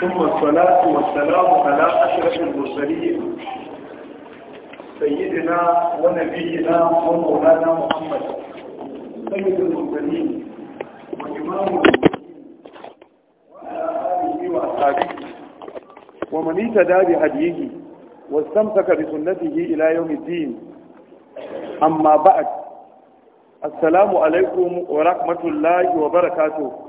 ثم الصلاة والسلام على أشرف المرسلين سيدنا ونبينا ومولانا محمد سيد المرسلين وإمام المرسلين وعلى آله وأصحابه ومن اهتدى بهديه واستمسك بسنته إلى يوم الدين أما بعد السلام عليكم ورحمة الله وبركاته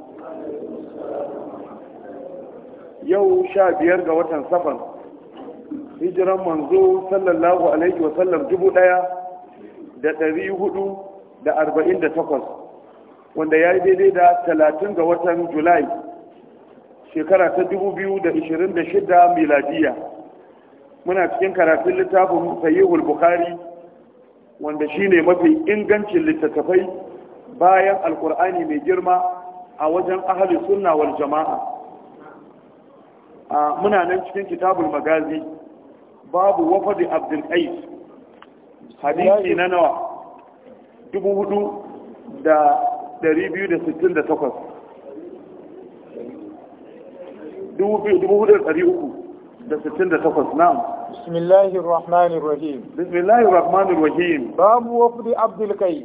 yau sha biyar ga watan safan hijiran manzo sallallahu alaihi wasallam dubu daya da ɗari hudu da arba'in da takwas wanda ya yi daidai da talatin ga watan julai shekara ta dubu biyu da ishirin da shida miladiya muna cikin karatun littafin sayyihul bukhari wanda shi ne mafi ingancin littattafai bayan alkur'ani mai girma a wajen ahalin sunna wal jama'a muna nan cikin kitabul magazi babu wafadi abdul qais hadisi na nawa 2468 na'am بسم الله الرحمن الرحيم بسم الله الرحمن الرحيم باب وفد عبد القيس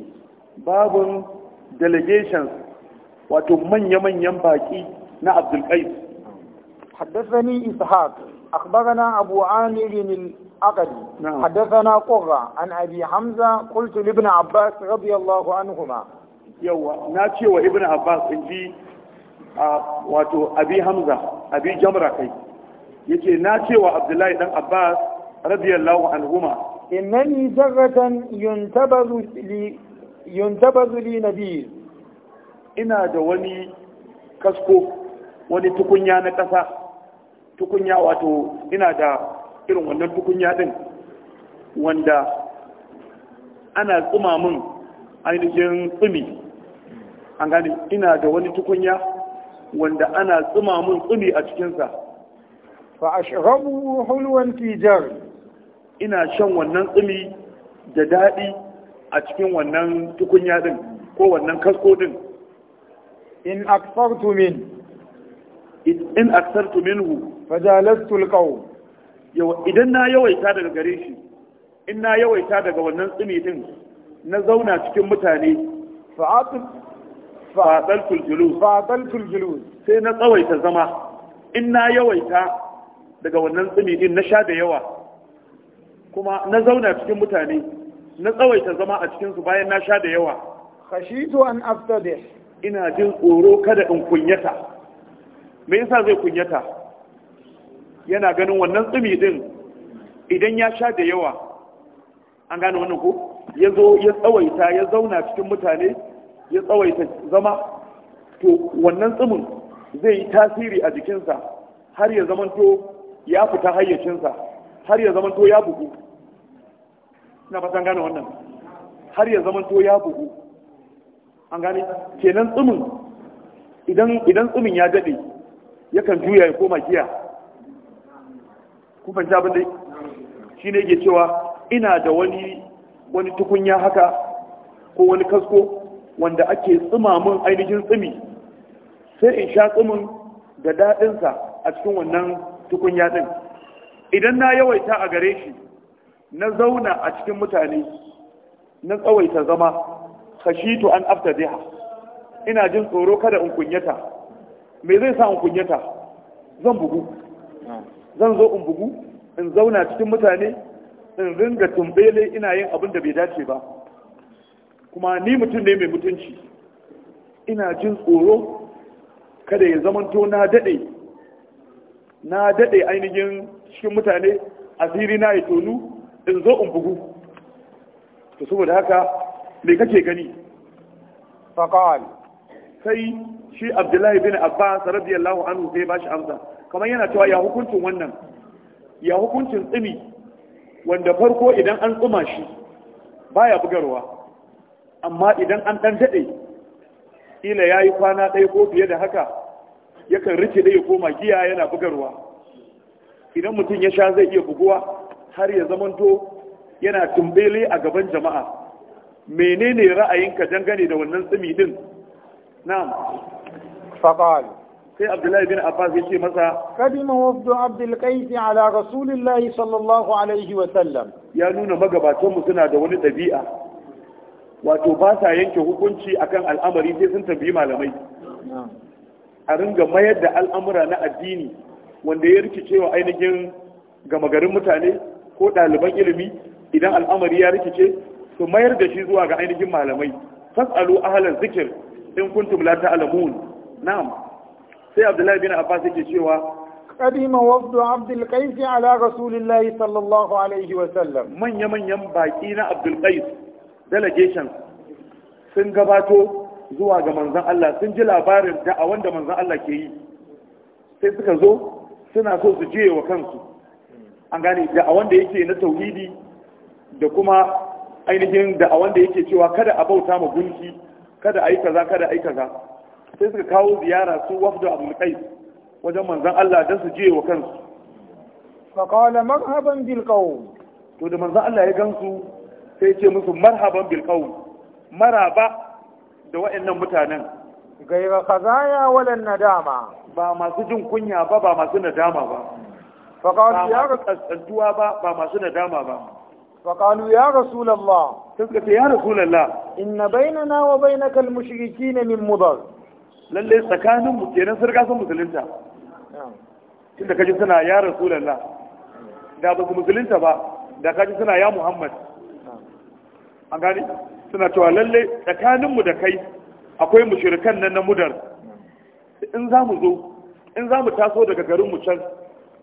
باب delegations wato manya يمن baki نا عبد القيس حدثني إسحاق أخبرنا أبو عامر العقدي حدثنا قرة عن أبي حمزة قلت لابن عباس رضي الله عنهما يوا ناتشي وابن عباس انجي واتو أبي حمزة أبي جمرة كي يجي ناتشي وعبد الله بن عباس رضي الله عنهما إنني ذرة ينتبذ لي ينتبذ لي نبيل إنا دواني كسكو wani tukunya na ƙasa tukunya wato ina da irin wannan tukunya din wanda ana tsuma min ainihin tsumi an gani ina da wani tukunya wanda ana tsuma min tsumi a cikinsa fa ashrabu hulwan tijar ina shan wannan tsumi da daɗi a cikin wannan tukunya din ko wannan kasko din in akfartu min in aksartu minhu fajalastu alqaw yawa idan na yawaita daga gare shi in na yawaita daga wannan tsimi din na zauna cikin mutane fa'atul fa'atul julus fa'atul julus sai na tsawaita zama in na yawaita daga wannan tsimi din na sha da yawa kuma na zauna cikin mutane na tsawaita zama a cikinsu bayan na sha da yawa khashitu an aftadih ina jin tsoro kada in kunyata me yasa zai kunyata yana ganin wannan tsumi din idan ya sha da yawa an gane wannan ko ya zo ya tsawaita ya zauna cikin mutane ya tsawaita zama to wannan tsumin zai yi tasiri a jikinsa har ya zamanto ya fita hayyacinsa har ya zamanto ya bugu ina fatan gane wannan har ya zamanto ya bugu an gane kenan tsumin idan tsumin ya daɗe yakan juya ya koma giya Kuma ban dai shi ne yake cewa ina da wani wani tukunya haka ko wani kasko wanda ake tsumamin ainihin tsumi sai in sha tsumin da daɗinsa a cikin wannan tukunya ɗin idan na yawaita a gare shi na zauna a cikin mutane na tsawaita zama kashi to an afta ina jin tsoro kada in kunyata me zai sa in kunyata zan bugu zan zo in bugu in zauna cikin mutane in ringa tumbele ina yin abin da bai dace ba kuma ni mutum ne mai mutunci ina jin tsoro kada ya zamanto na daɗe na daɗe ainihin cikin mutane asiri na ya tonu in zo in bugu to saboda haka me kake gani faƙal sai shi abdullahi bin abbas radiyallahu anhu sai ba shi amsa kamar yana cewa ya hukuncin wannan ya hukuncin tsimi wanda farko idan an tsuma shi baya bugarwa amma idan an dan dade ila yayi kwana ɗaya ko fiye da haka yakan rike dai ya koma giya yana bugarwa idan mutum ya sha zai iya buguwa har ya zamanto yana tumbele a gaban jama'a menene ra'ayinka dangane da wannan tsimi din na'am فقال sai Abdullahi bin Abbas ya ce masa kadima wafdu Abdul Qais ala Rasulillahi sallallahu alaihi wa sallam ya nuna magabatan suna da wani ɗabi'a, wato ba sa yanke hukunci akan al'amari sai sun tambayi malamai a ringa mayar da al'amura na addini wanda ya rikice wa ainihin gama garin mutane ko ɗaliban ilimi idan al'amari ya rikice su mayar da shi zuwa ga ainihin malamai fasalu ahlan zikir in kuntum la ta'lamun سي sai abdullahi بن عباس yake cewa قديم وفد عبد القيس على رسول الله صلى الله عليه وسلم من يمن ينباكينا عبد القيس delegation sun gabato zuwa ga manzan Allah sun ji labarin da a wanda manzan Allah ke yi sai suka zo suna so su je wa kansu an gane a wanda yake na tauhidi da kuma ainihin da a wanda yake cewa kada a bauta ma gunki kada a yi kaza kada a yi kaza sai suka kawo ziyara su wafdu abul qais wajen manzon Allah don su je wa kansu fa qala marhaban bil to da manzan Allah ya gansu sai ce musu marhaban bil qawm maraba da wayannan mutanen gaira khazaya walan nadama ba masu jin kunya ba ba masu nadama ba fa qala ya rasulullah ba ba masu nadama ba ya فقالوا يا رسول الله تذكرت يا رسول الله إن بيننا وبينك المشركين من مضر lalle tsakanin mu kenan sun riga sun musulunta inda kaji suna ya rasulullah da ba su musulunta ba da kaji suna ya muhammad an gani suna cewa lalle tsakanin mu da kai akwai mushrikan nan na mudar in za mu zo in za mu taso daga garin mu can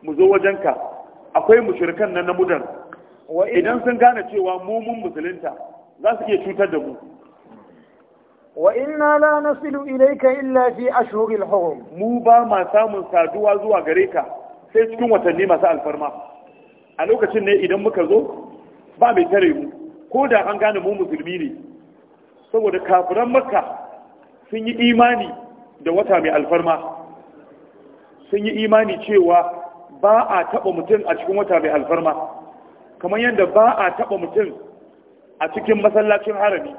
mu zo wajenka akwai mushrikan nan na mudar idan sun gane cewa mu mun musulunta za su iya cutar da mu wa inna la nasilu ilayka illa fi ashhuril hurum mu ba ma samun saduwa zuwa gare ka sai cikin watanni masu alfarma a lokacin ne idan muka zo ba mai tare mu ko da an gane mu musulmi ne saboda kafiran makka sun yi imani da wata mai alfarma sun yi imani cewa ba a taba mutum a cikin wata mai alfarma kamar yadda ba a taba mutum a cikin masallacin harami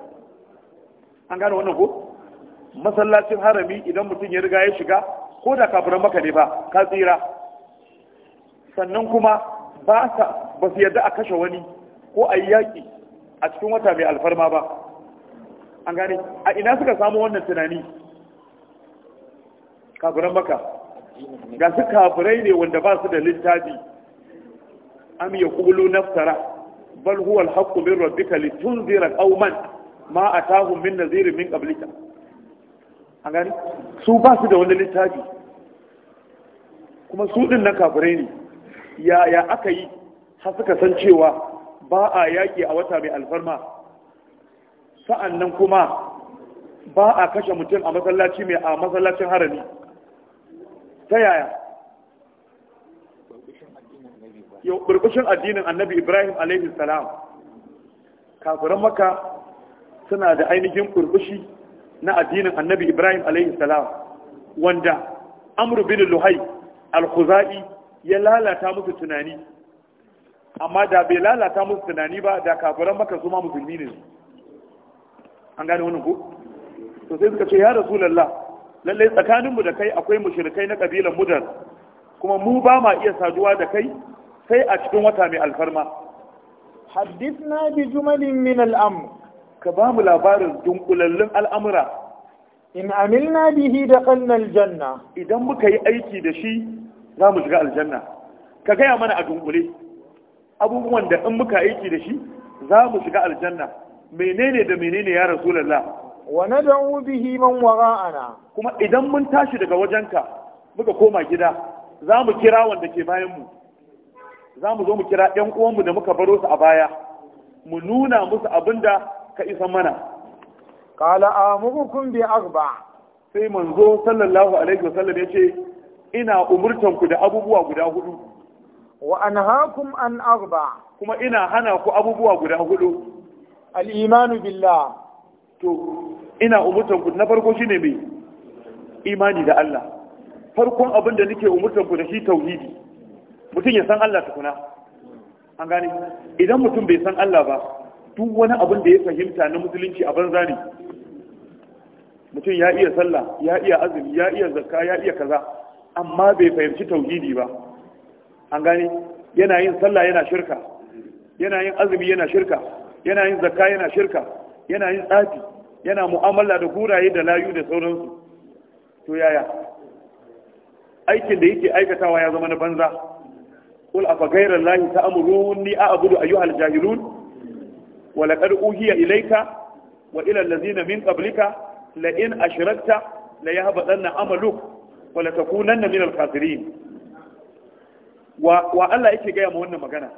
an gane wannan ko masallacin harami idan mutum ya riga ya shiga ko da kafiran maka ne ba ka tsira sannan kuma ba sa ba su yarda a kashe wani ko a yi yaƙi a cikin wata mai alfarma ba an gane a ina suka samu wannan tunani kafiran maka ga su kafirai ne wanda ba su da littafi am ya kulu naftara bal huwa alhaqqu min rabbika litunzira qauman ma a tahun min nazirin min ƙablika a gani su ba su da wani littafi kuma su ɗin na kafirai ne yaya aka yi har suka san cewa ba a yaƙi a wata mai alfarma sa'an nan kuma ba a kashe mutum a masallaci mai a masallacin harami ta yaya yau burbushin addinin annabi ibrahim alaihi salam kafiran maka suna da ainihin kurbushi na addinin annabi ibrahim alaihi salam wanda amru bin luhai al-khuzai ya lalata musu tunani amma da bai lalata musu tunani ba da kafiran maka zuma musulmi ne an gane wannan ko to sai suka ce ya rasulullah lalle tsakaninmu da kai akwai mushrikai na kabilan mudar kuma mu ba ma iya saduwa da kai sai a cikin wata mai alfarma حدثنا بجمل من الأمر ka ba mu labarin dunkulallun al'amura in amilna bihi da kannan janna idan muka yi aiki da shi za mu shiga aljanna ka gaya mana a dunkule abubuwan da in muka aiki da shi za mu shiga aljanna menene da menene ya rasulullah wa nad'u bihi man ana kuma idan mun tashi daga wajenka muka koma gida za mu kira wanda ke bayanmu. za mu zo mu kira 'yan uwanmu da muka baro su a baya mu nuna musu abin da. ka isa mana qala amurukum bi arba sai manzo sallallahu alaihi wasallam ce ina umurtan ku da abubuwa guda hudu wa anhaakum an arba kuma ina hana ku abubuwa guda hudu al imanu billah to ina umurtan ku na farko shine me imani da Allah farkon abin da nake umurtan ku da shi tauhidi mutum ya san Allah tukuna an gane idan mutum bai san Allah ba duk wani abin da ya fahimta na musulunci a banza ne mutum ya iya sallah ya iya azumi ya iya zakka ya iya kaza amma bai fahimci tauhidi ba an gane yana yin sallah yana shirka yana yin azumi yana shirka yana yin zakka yana shirka yana yin tsafi yana mu'amala da guraye da layu da sauransu to yaya aikin da yake aikatawa ya zama na banza qul afa ghayra allahi ta'muruni a'budu ayyuhal jahilun wa laqad uhiya ilayka wa ila allazina min qablika la in la yahbatanna amaluk wa la takunanna min al-khasirin wa wa Allah yake gaya ma wannan magana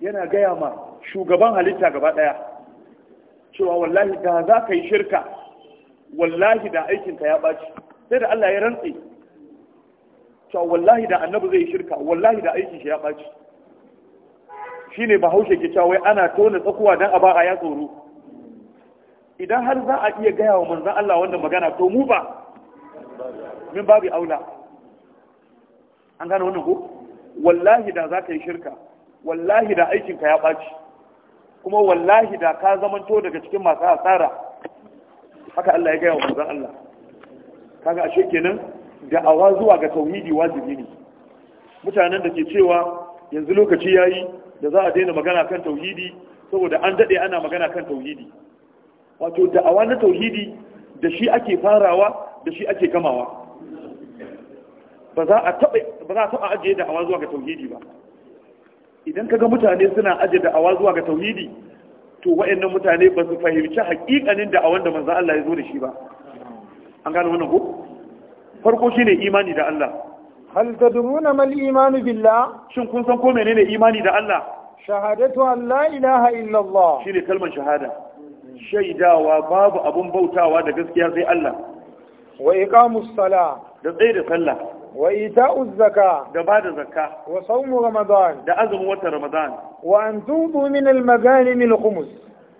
yana gaya ma shugaban halitta gaba ɗaya. cewa wallahi da za ka yi shirka wallahi da aikinka ya ɓaci sai da Allah ya rantse cewa wallahi da annabi zai yi shirka wallahi da aikin ya ɓaci Shi ne bahaushe ke cewa wai ana tona tsakuwa don a ba a ya tsoro idan har za a iya gaya wa manzan Allah wannan magana to mu ba min babu aula an gane wannan ko wallahi da za ka yi shirka wallahi da aikinka ya ɓaci kuma wallahi da ka zamanto daga cikin masu asara haka Allah ya gaya wa manzan Allah kaga ashe kenan da awa zuwa ga tauhidi wajibi ne mutanen da ke cewa yanzu lokaci yayi da za a daina magana kan tauhidi saboda an daɗe ana magana kan tauhidi wato da'awa na tauhidi da shi ake farawa da shi ake gamawa ba za a taɓa ajiye da'awa zuwa ga tauhidi ba idan kaga mutane suna ajiye da'awa zuwa ga tauhidi to wa'annan mutane ba su fahimci haƙiƙanin da'awan da manzan Allah ya zo da shi ba an gane wannan ko farko shine imani da Allah hal tadruna mal imanu billa. shin kun san ko menene imani da Allah shahadatu la ilaha illallah. Allah shine kalmar shahada shaidawa babu abun bautawa da gaskiya sai Allah wa iqamus sala da tsaye da sallah wa ita'uz zaka da bada zakka wa sawmu ramadan da azumin watan ramadan wa an tudu min al maghanim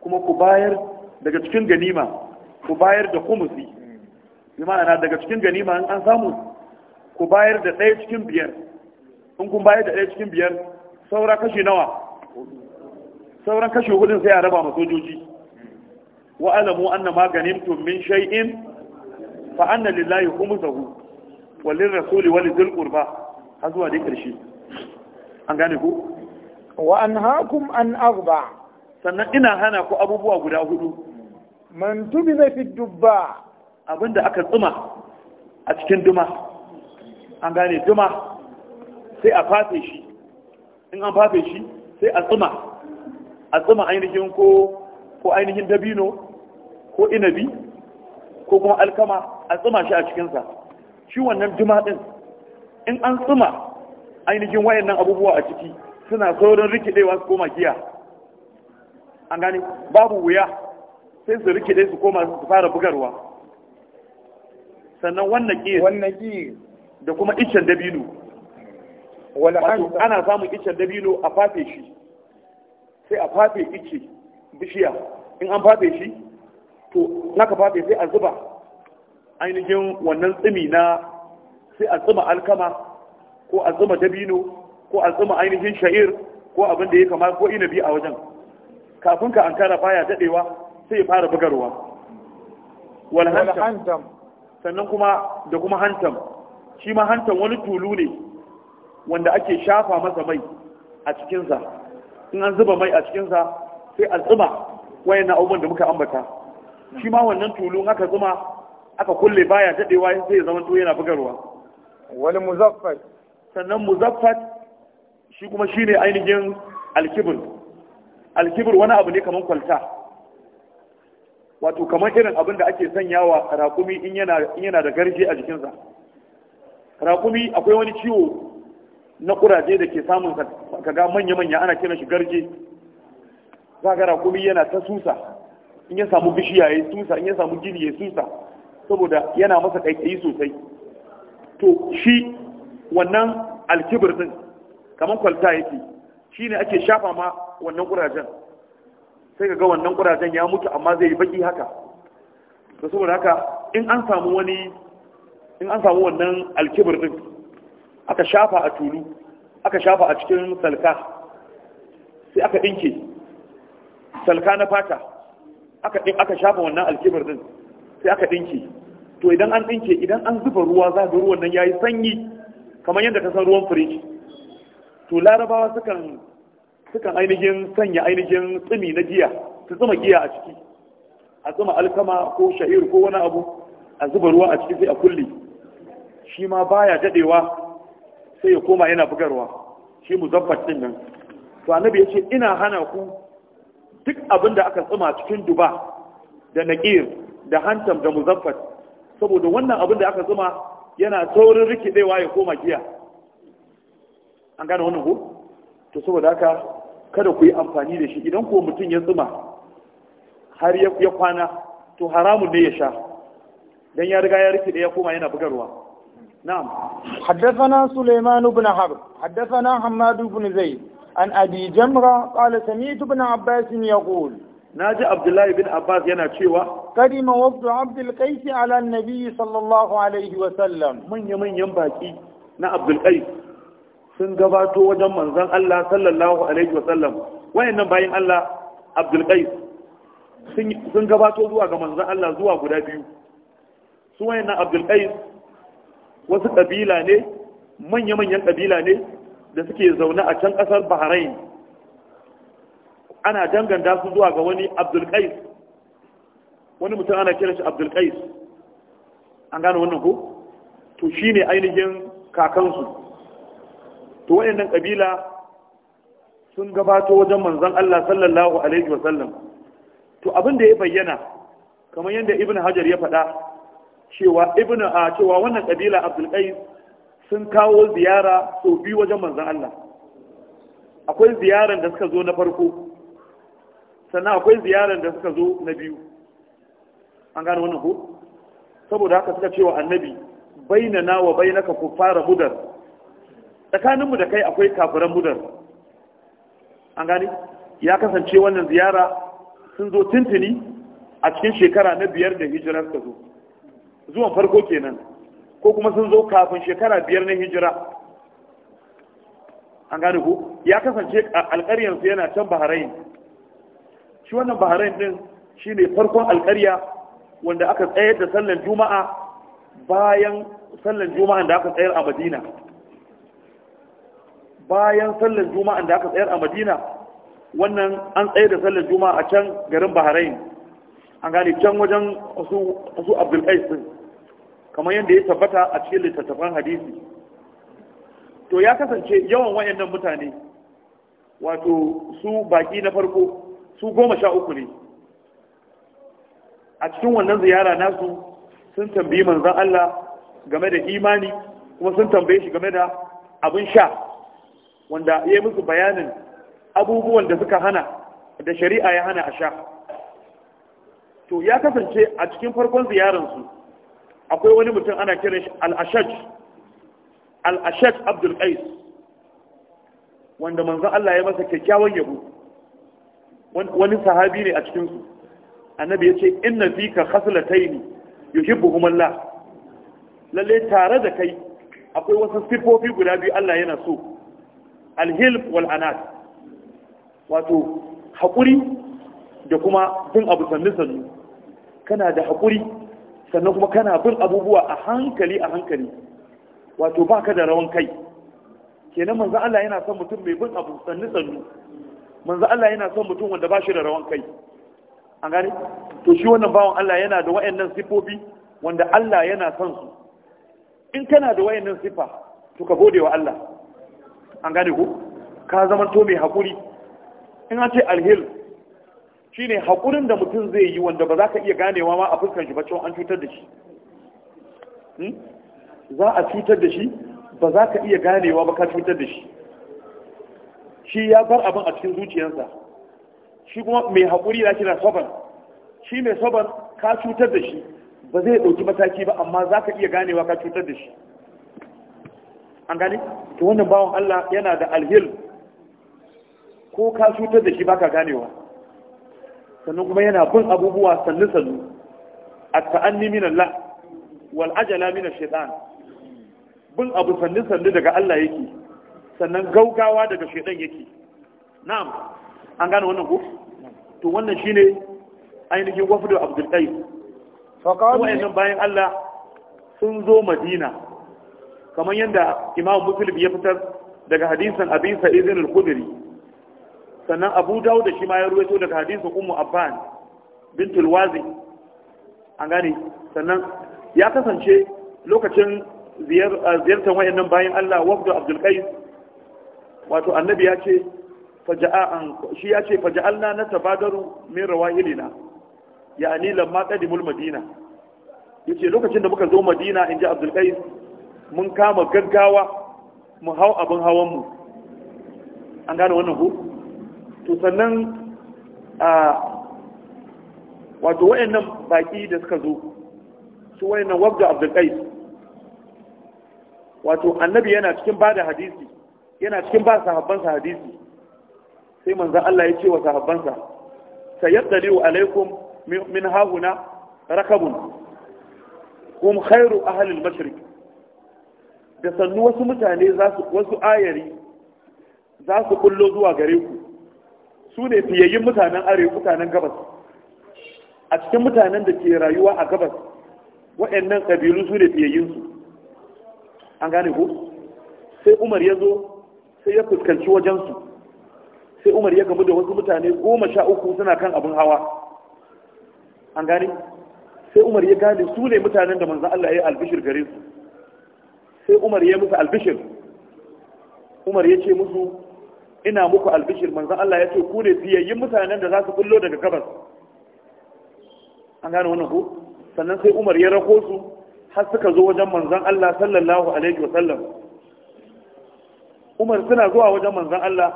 kuma ku bayar daga cikin ganima ku bayar da khumsi hmm. bi ma'ana daga cikin ganima an samu ku bayar da ɗaya cikin biyar in kun bayar da ɗaya cikin biyar saura kashe nawa sauran kashe hudun sai a raba ma sojoji wa alamu anna ma ganimtum min shay'in fa anna lillahi khumsahu wa lirrasuli wa lidhil qurba har zuwa dai karshe an gane ku wa anhaakum an arba sannan ina hana ku abubuwa guda hudu man tubiza fi dubba abinda aka tsuma a cikin duma an gane juma sai a fafe shi in an fafe shi sai a tsuma a tsuma ainihin ko ko ainihin dabino ko inabi ko kuma alkama a tsuma shi a cikinsa shi wannan juma din in an tsuma ainihin wayannan abubuwa a ciki suna saurin rikidewa su koma giya an gane babu wuya sai su rikide su koma su fara bugarwa sannan wannan ƙi wannan ƙi da kuma iccen dabino ana samun iccen dabino a fafe shi sai a fafe icce bishiya in an fafe shi to naka fafe sai a zuba ainihin wannan tsimi na sai a zuba alkama ko a zuba dabino ko a zuba ainihin sha'ir ko abin da ya kama ko inabi a wajen kafin ka ankara baya dadewa sai ya fara bugarwa wal hantam sannan kuma da kuma hantam shi ma hantan wani tulu ne wanda ake shafa masa mai a cikinsa in an zuba mai a cikinsa sai a tsuma na abubuwan da muka ambata shi ma wannan tulun aka zuma aka kulle baya dadewa sai ya zama to yana bugarwa wani muzaffat sannan muzaffat shi kuma shine ainihin alkibir alkibir wani abu ne kamar kwalta wato kamar irin abin da ake sanyawa raƙumi in yana da garje a jikinsa Rakumi akwai wani ciwo na kuraje da ke samun kaga manya-manya ana kiran shi garje za ga rakumi yana ta susa in ya samu bishiya ya susa in ya samu gini ya susa saboda yana masa kaikayi sosai to shi wannan alkibir din kamar kwalta yake shi ne ake shafa ma wannan kurajen sai ga wannan kurajen ya mutu amma zai yi baki haka da saboda haka in an samu wani in an samu wannan alkibir din aka shafa a tulu aka shafa a cikin salka sai aka dinke salka na fata aka aka shafa wannan alkibir din sai aka dinke to idan an dinke idan an zuba ruwa za ga ruwan nan yayi sanyi kamar yadda ka san ruwan firiji to larabawa sukan sukan ainihin sanya ainihin tsimi na giya su tsima giya a ciki a tsima alkama ko sha'ir ko wani abu a zuba ruwa a ciki sai a kulle shi ma baya dadewa sai ya koma yana bugarwa shi muzabbat din nan to annabi yace ina hana ku duk abin da aka tsuma cikin duba da naqir da hantam da muzabbat saboda wannan abin da aka tsuma yana taurin rikidewa ya koma giya an gane wannan ko to saboda haka kada ku yi amfani da shi idan ko mutum ya tsuma har ya kwana to haramun ne ya sha dan ya riga ya rikide ya koma yana bugarwa نعم حدثنا سليمان بن حرب حدثنا حماد بن زيد عن أبي جمرة قال سمعت بن عباس يقول ناجي عبد الله بن عباس ينا تشيوا قدم وفد عبد القيس على النبي صلى الله عليه وسلم من يمن ينباكي نا عبد القيس sun gabato wajen manzon Allah sallallahu alaihi wasallam wayannan bayin Allah Abdul Qais sun gabato zuwa ga manzon Allah zuwa guda biyu su wayannan Abdul Qais wasu ƙabila ne manya-manyan ƙabila ne da suke zaune a can ƙasar bahrain ana danganta su zuwa ga wani abdulkais wani mutum ana kira shi abdulkais an gane wannan ko to shi ne ainihin kakansu to wayannan ƙabila sun gabato wajen manzan Allah sallallahu alaihi wasallam to abin da ya bayyana kamar yadda ibn hajar ya faɗa cewa ibnu a cewa wannan kabila abdul qais sun kawo ziyara sau biyu wajen manzon Allah akwai ziyaran da suka zo na farko sannan akwai ziyaran da suka zo na biyu an gane wannan ko saboda haka suka cewa annabi na wa bainaka kufara mudar tsakaninmu da kai akwai kafiran mudar an gane ya kasance wannan ziyara sun zo tuntuni a cikin shekara na biyar da hijira suka zo zuwan farko kenan ko kuma sun zo kafin shekara biyar na hijira an gane ku ya kasance alƙaryarsu yana can Bahrain. shi wannan Bahrain din shi ne farkon alƙarya wanda aka tsayar da sallan juma'a bayan sallan juma'a da aka tsayar a madina bayan sallan juma'a da aka tsayar a madina wannan an tsayar da sallan juma'a a can garin Bahrain. an gane can wajen su abdulkais din kamar yadda ya tabbata a cikin littattafan hadisi to ya kasance yawan wayannan mutane wato su baki na farko su goma sha uku ne a cikin wannan ziyara nasu sun tambayi manzan Allah game da imani kuma sun tambaye shi game da abin sha wanda ya yi musu bayanin abubuwan da suka hana da shari'a ya hana a sha to ya kasance a cikin farkon ziyararsu akwai wani mutum ana kiran shi al-ashaj al-ashaj abdul qais wanda manzon Allah ya masa kyakkyawan yabo wani sahabi ne a cikin su annabi ya ce inna fika khaslatayn yuhibbuhum Allah lalle tare da kai akwai wasu sifofi guda biyu Allah yana so al-hilm wal anat wato hakuri da kuma bin abu sannu sannu kana da hakuri sannan kuma kana bin abubuwa a hankali a hankali wato ba ka da rawan kai kenan manzo Allah yana son mutum mai bin abu sannu sannu manzo Allah yana son mutum wanda ba shi da rawan kai an gane to shi wannan bawan Allah yana da wayannan sifofi wanda Allah yana son su in kana da wayannan sifa to ka gode wa Allah an gane ko ka zama to mai hakuri in a ce alheri shine haƙurin da mutum zai yi wanda ba za ka iya ganewa ma a fuskan shi ba cewa an cutar da shi hmm? za a cutar da shi ba za ka iya ganewa ba ka cutar da shi shi ya bar abin a cikin zuciyarsa shi kuma mai haƙuri ya kira saban shi mai saban ka cutar da shi ba zai ɗauki mataki ba amma za ka iya ganewa ka cutar da shi an gane to wannan bawan Allah yana da alhil ko ka cutar da shi baka ganewa sannan kuma yana bin abubuwa sannu sannu a ta'anni min Allah wal ajala min ash bin abu sannu sannu daga Allah yake sannan gaugawa daga shaytan yake na'am an gane wannan ku to wannan shine ainihin wafdu Abdul Qais fa qalu bayan Allah sun zo Madina kamar yadda Imam Muslim ya fitar daga hadisin Abi Sa'id al-Khudri sannan abu dawo da shi ma ya ruwaito daga hadisin ummu abban bintul wazi an gane sannan ya kasance lokacin ziyartar wayannan bayan Allah wafdu abdul qais wato annabi ya ce faja'an shi ya ce faja'alna natabadaru min rawahilina ya'ani lamma qadimul madina yace lokacin da muka zo madina inji abdul qais mun kama gaggawa mu hau abin hawanmu. an gane wannan ku to sannan a wato wayannan baki da suka zo su wayannan wabda abdulkai wato annabi yana cikin ba da hadisi yana cikin ba sahabbansa hadisi sai manzan Allah ya ce wa sahabbansa sayaddaliu alaikum min hahuna rakabun kum khairu halin mashriq da sannu wasu mutane za su wasu ayari za su kullo zuwa gare ku su ne fiyayyun mutanen arewa mutanen gabas a cikin mutanen da ke rayuwa a gabas waɗannan ƙabilu su ne fiyayyunsu an gane ko sai umar ya zo sai ya fuskanci wajensu sai umar ya gamu da wasu mutane goma sha uku suna kan abin hawa an gane sai umar ya gane su ne mutanen da manzan Allah ya yi albishir gare su sai umar ya musu albishir umar ya ce musu ina muku albishir manzan Allah ya ce ku ne fiyayyin mutanen da za su kullo daga gabas an gane wannan ku sannan sai umar ya rako su har suka zo wajen manzan Allah sallallahu alaihi wasallam umar suna zuwa wajen manzan Allah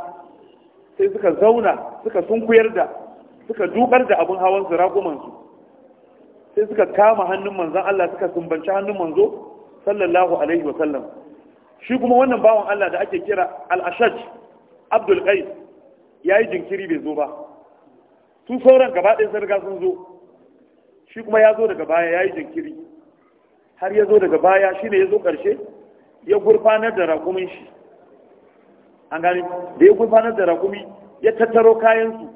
sai suka zauna suka sunkuyar da suka dukar da abin hawan su ragumansu sai suka kama hannun manzan Allah suka sumbanci hannun manzo sallallahu alaihi wasallam shi kuma wannan bawan Allah da ake kira al-ashaj abdul qais yi jinkiri bai zo ba su sauran gaba ɗin sun sun zo shi kuma ya zo daga baya ya yi jinkiri har ya zo daga baya shi ne ya zo ƙarshe ya gurfanar da rakumin shi an gani da ya gurfanar da rakumi ya tattaro kayansu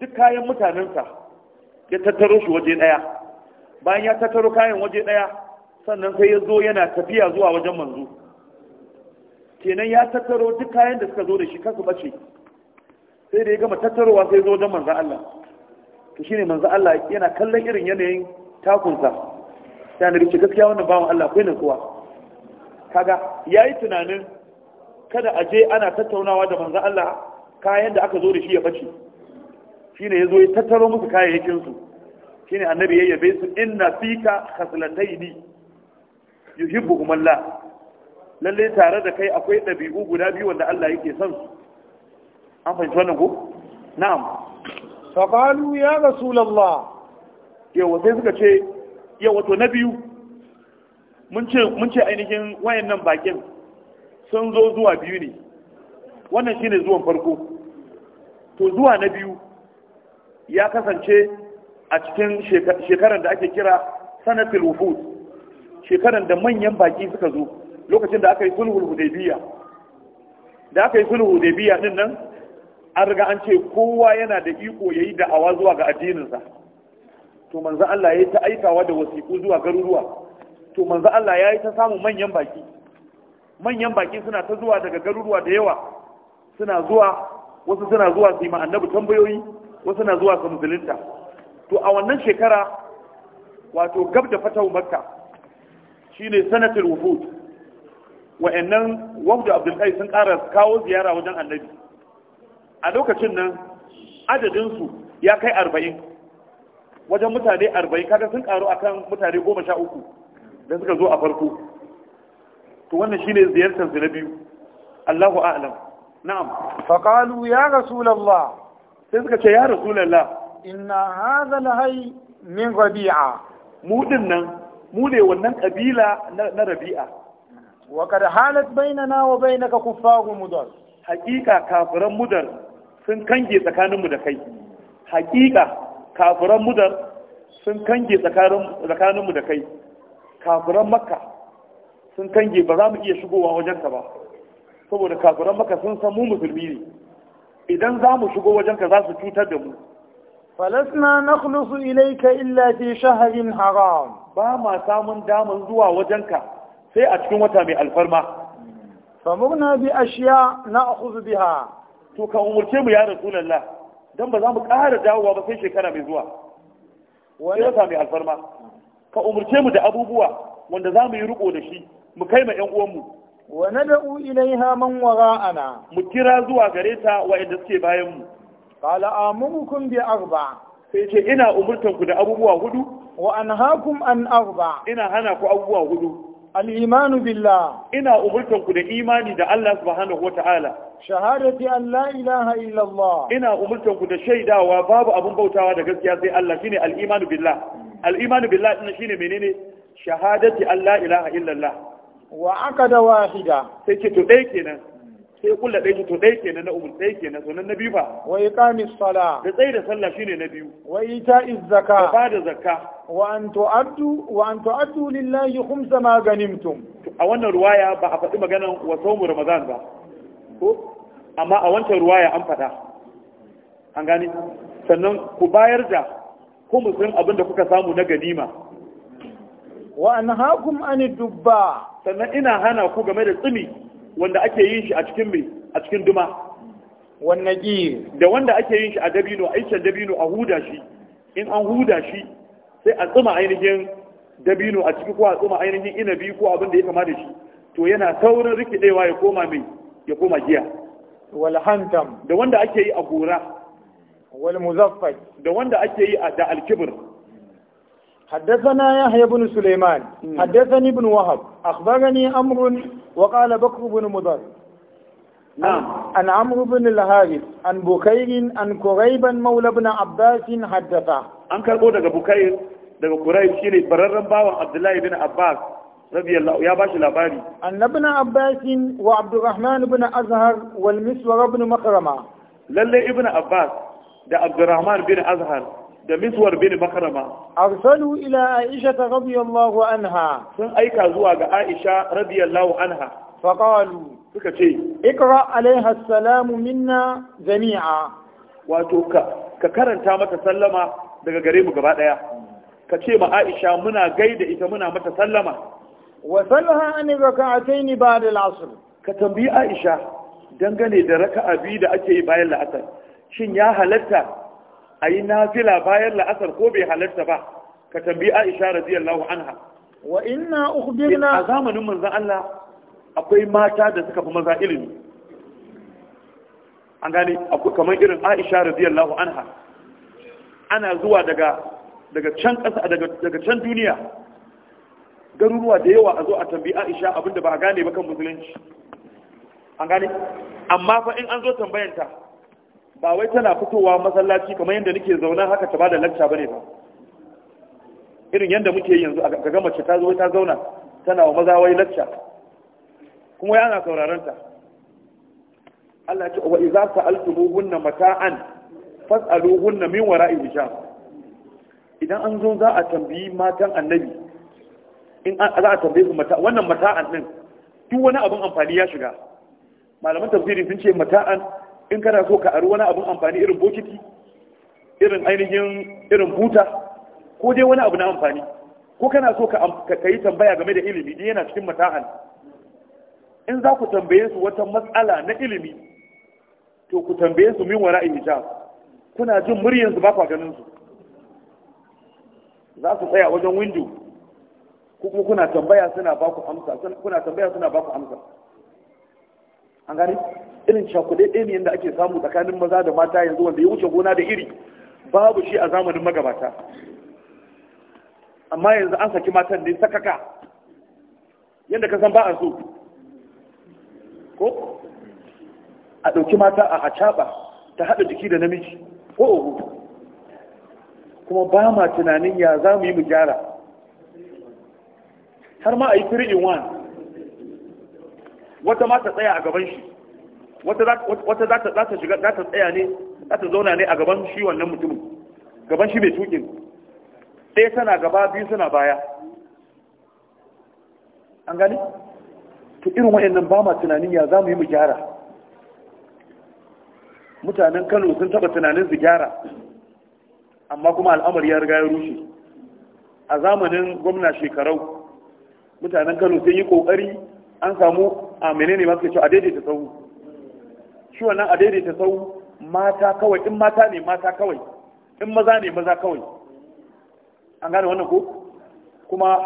duk kayan mutanensa ya tattaro shi waje ɗaya bayan ya tattaro kayan waje ɗaya sannan sai ya zo yana tafiya zuwa wajen manzo kenan ya tattaro duk kayan da suka zo da shi kansu bace sai da ya gama tattarowa sai zo don manzan Allah to shine manzan Allah yana kallon irin yanayin takunsa sai na rice gaskiya wannan bawan Allah akwai nutsuwa kaga yayi tunanin kada a je ana tattaunawa da manzan Allah kayan da aka zo da shi ya bace shine yazo ya tattaro musu kayayyakin su shine annabi ya yabe su inna fika khaslataini yuhibbuhum Allah lalle tare da kai akwai ɗabi'u guda biyu wanda Allah yake son su an fahimci wannan ko na'am qalu ya rasulullah yawa sai suka ce yawa to na biyu mun ce mun ce ainihin wayannan bakin sun zo zuwa biyu ne wannan shine zuwan farko to zuwa na biyu ya kasance a cikin shekarar da ake kira sanatul wufud shekarar da manyan baki suka zo lokacin da aka yi sulhul hudaybiya da aka yi sulhul hudaybiya din nan an riga an ce kowa yana da iko yayi da'awa zuwa ga addininsa to manzo Allah yayi ta aikawa da wasiku zuwa garuruwa to manzo Allah yayi ta samu manyan baki manyan baki suna ta zuwa daga garuruwa da yawa suna zuwa wasu suna zuwa su yi ma annabi tambayoyi wasu suna zuwa su musulunta to a wannan shekara wato gab da fatahu makka shine sanatul wufud wa'annan wafdu abdulkai sun ƙara kawo ziyara wajen annabi a lokacin nan adadinsu ya kai arba'in wajen mutane arba'in kaga sun ƙaru akan mutane goma sha uku da suka zo a farko to wannan shine ziyartar su na biyu Allahu a'lam na'am faqalu ya rasulullah sai suka ce ya rasulullah inna hadha lahay min rabi'a mu dinnan mu ne wannan kabila na rabi'a wa kad halat bainana wa bainaka kuffaru mudar hakika kafiran mudar sun kange mu da kai hakika kafiran mudar sun kange tsakaninmu da kai kafiran makka sun kange ba za mu iya shigowa wajenka ba saboda kafiran makka sun san mu musulmi ne idan za mu shigo wajenka za su cutar da mu falasna nakhlusu ilayka illa fi shahrin haram ba ma samun damar zuwa wajenka sai a cikin wata mai alfarma na bi ashiya na akhudhu biha to ka umurce mu ya rasulullah dan ba za mu ƙara dawowa ba sai shekara mai zuwa wani wata mai alfarma ka umurce mu da abubuwa wanda za mu yi riko da shi mu kai ma ƴan uwanmu wa nad'u ilaiha man wara'ana mu kira zuwa gare ta wa'anda suke bayan mu qala amurukum bi arba sai ce ina umurtanku da abubuwa hudu wa anhaakum an arba ina hana ku abubuwa hudu al'imanu billah ina umurtanku da imani da Allah subhanahu wa ta'ala ilaha illallah ina umurtanku da shaidawa babu abin bautawa da gaskiya sai Allah shine al'imanu billah al'imanu billah din shine menene shahadati an la ilaha Wa aka da wahida sai ce to ɗaya kenan sai kulla ɗaya to ɗaya kenan na umar ɗaya kenan so na biyu ba wa iqami sala da tsaye da sallah shine na biyu wa ita'iz zakka da zakka wa an tu'addu wa an tu'addu lillahi khumsa ma ganimtum a wannan ruwaya ba a faɗi maganan wa sawmu ramadan ba ko amma a wancan ruwaya an faɗa an gani sannan ku bayar da kumusin abin da kuka samu na ganima wa an hakum an dubba sannan ina hana ku game da tsimi wanda ake yin shi a cikin mai a cikin duma wannan ji da wanda ake yin shi a dabino aikin dabino a huda shi in an huda shi sai a tsuma ainihin dabino a ciki ko a tsuma ainihin inabi ko abin da ya kama da shi to yana saurin rikidewa ya koma mai ya koma giya wal da wanda ake yi a gora wal muzaffar da wanda ake yi a da alkibir حدثنا يحيى بن سليمان حدثني ابن وهب أخبرني أمر وقال بكر بن مضر نعم عن عمرو بن الحارث عن بكير عن كريبا مولى بن عباس حدثه an karbo daga bukayir daga kurai shi ne bararren bawan abdullahi bin abbas radiyallahu ya bashi labari annabin abbas wa abdurrahman ibn azhar wal miswar ibn makrama lalle ibn abbas da abdurrahman bin azhar da miswar bin makarama arsalu ila aisha radiyallahu anha sun aika zuwa ga aisha radiyallahu anha faqalu suka ce ikra alaiha assalamu minna jami'a wato ka karanta mata sallama daga gare mu gaba daya ka ce ma aisha muna gaida ita muna mata sallama wa sallaha an raka'ataini ba'da al-asr ka tambayi aisha dangane da raka'a biyu da ake yi bayan la'asar shin ya halatta a yi nafila bayan la'asar ko bai halarta ba ka tambi aisha radiyallahu anha wa inna ukhbirna a zamanin manzon Allah akwai mata da suka fi maza ilimi an gane akwai kamar irin aisha radiyallahu anha ana zuwa daga daga can kasa daga daga can duniya garuruwa da yawa a zo a tambi aisha abinda ba a gane ba kan musulunci an gane amma fa in an zo tambayanta ba wai tana fitowa masallaci kamar yadda nake zauna haka ta bada lacca bane ba irin yadda muke yanzu a ga mace ta zo ta zauna tana wa maza wai lacca kuma yana sauraron ta Allah ce wa idza sa'altumuhunna mata'an fas'aluhunna min wara'i hijab idan an zo za a tambayi matan annabi in za a tambaye su mata wannan mata'an din duk wani abin amfani ya shiga malaman tafsiri sun ce mata'an in kana so ka ari wani abin amfani irin bokiti irin ainihin irin buta ko dai wani abu na amfani ko kana so ka yi tambaya game da ilimi din yana cikin matahan in za ku tambaye su wata matsala na ilimi to ku tambaye su min wara'i hijab kuna jin muryan su ba kwa ganin su za su tsaya wajen windo ko kuma kuna tambaya suna ba ku amsa kuna tambaya suna ba ku amsa an gani irin cakude ɗin ne yadda ake samu tsakanin maza da mata yanzu wanda ya wuce gona da iri babu shi a zamanin magabata amma yanzu an saki matan ne sakaka yadda ka san ba a so ko a ɗauki mata a acaba ta haɗa jiki da namiji ko ohu kuma ba ma tunanin ya za mu yi mu gyara har ma a yi 3 in wata ma ta tsaya a gaban shi wata za ta shiga za ta tsaya ne za ta zauna ne a gaban shi wannan mutumin gaban shi mai tukin ɗaya tana gaba biyu suna baya an gani to irin wayannan ba ma tunanin ya za mu yi mu gyara mutanen kano sun taba tunanin su gyara amma kuma al'amari ya riga ya rushe a zamanin gwamna shekarau mutanen kano sun yi kokari an samu a menene ma suke cewa a daidaita tsawo. shi wannan a daidaita tsawo mata kawai in mata ne mata kawai in maza ne maza kawai an gane wannan ko kuma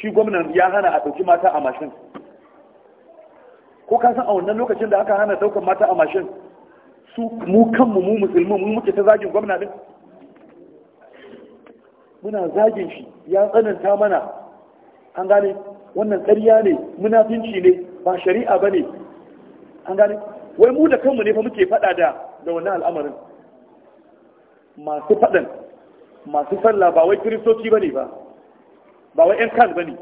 shi gwamnan ya hana a ɗauki mata a mashin ko ka san a wannan lokacin da aka hana ɗaukar mata a mashin su mu kanmu mu musulmi mu muke ta zagin gwamna din muna zagin shi ya tsananta mana an gane wannan ƙarya ne munafinci ne ba shari'a ba ne an gani wai mu da kanmu ne fa muke faɗa da da wannan al'amarin masu faɗan masu sallah ba wai kiristoci ba ne ba ba wai 'yan kan ba ne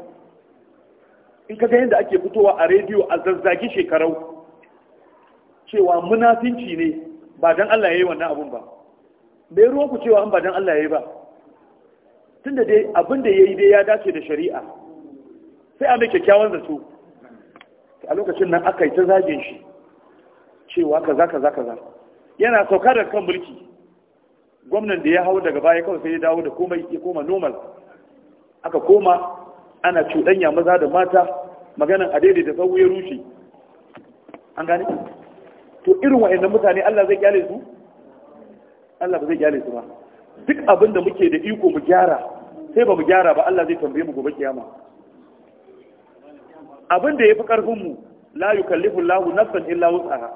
in ka ga yadda ake fitowa a rediyo a zazzagi shekarau cewa munafinci ne ba don Allah ya yi wannan abun ba bai ruwa ku cewa an ba don Allah ya yi ba Tunda dai abin da ya yi dai ya dace da shari'a sai a mai kyakkyawan zato a lokacin nan aka yi ta zagin shi cewa kaza kaza kaza yana sauka da kan mulki gwamnan da ya hau daga baya kawai sai ya dawo da komai ya koma normal aka koma ana cuɗanya maza da mata maganan a daidai da ya rushe an gane to irin wa'annan mutane Allah zai gyale su Allah ba zai gyale su ba duk abin da muke da iko mu gyara sai ba mu gyara ba Allah zai tambaye mu gobe kiyama abin da ya fi ƙarfinmu la yi kallifin lahu nafsan illa wutsaha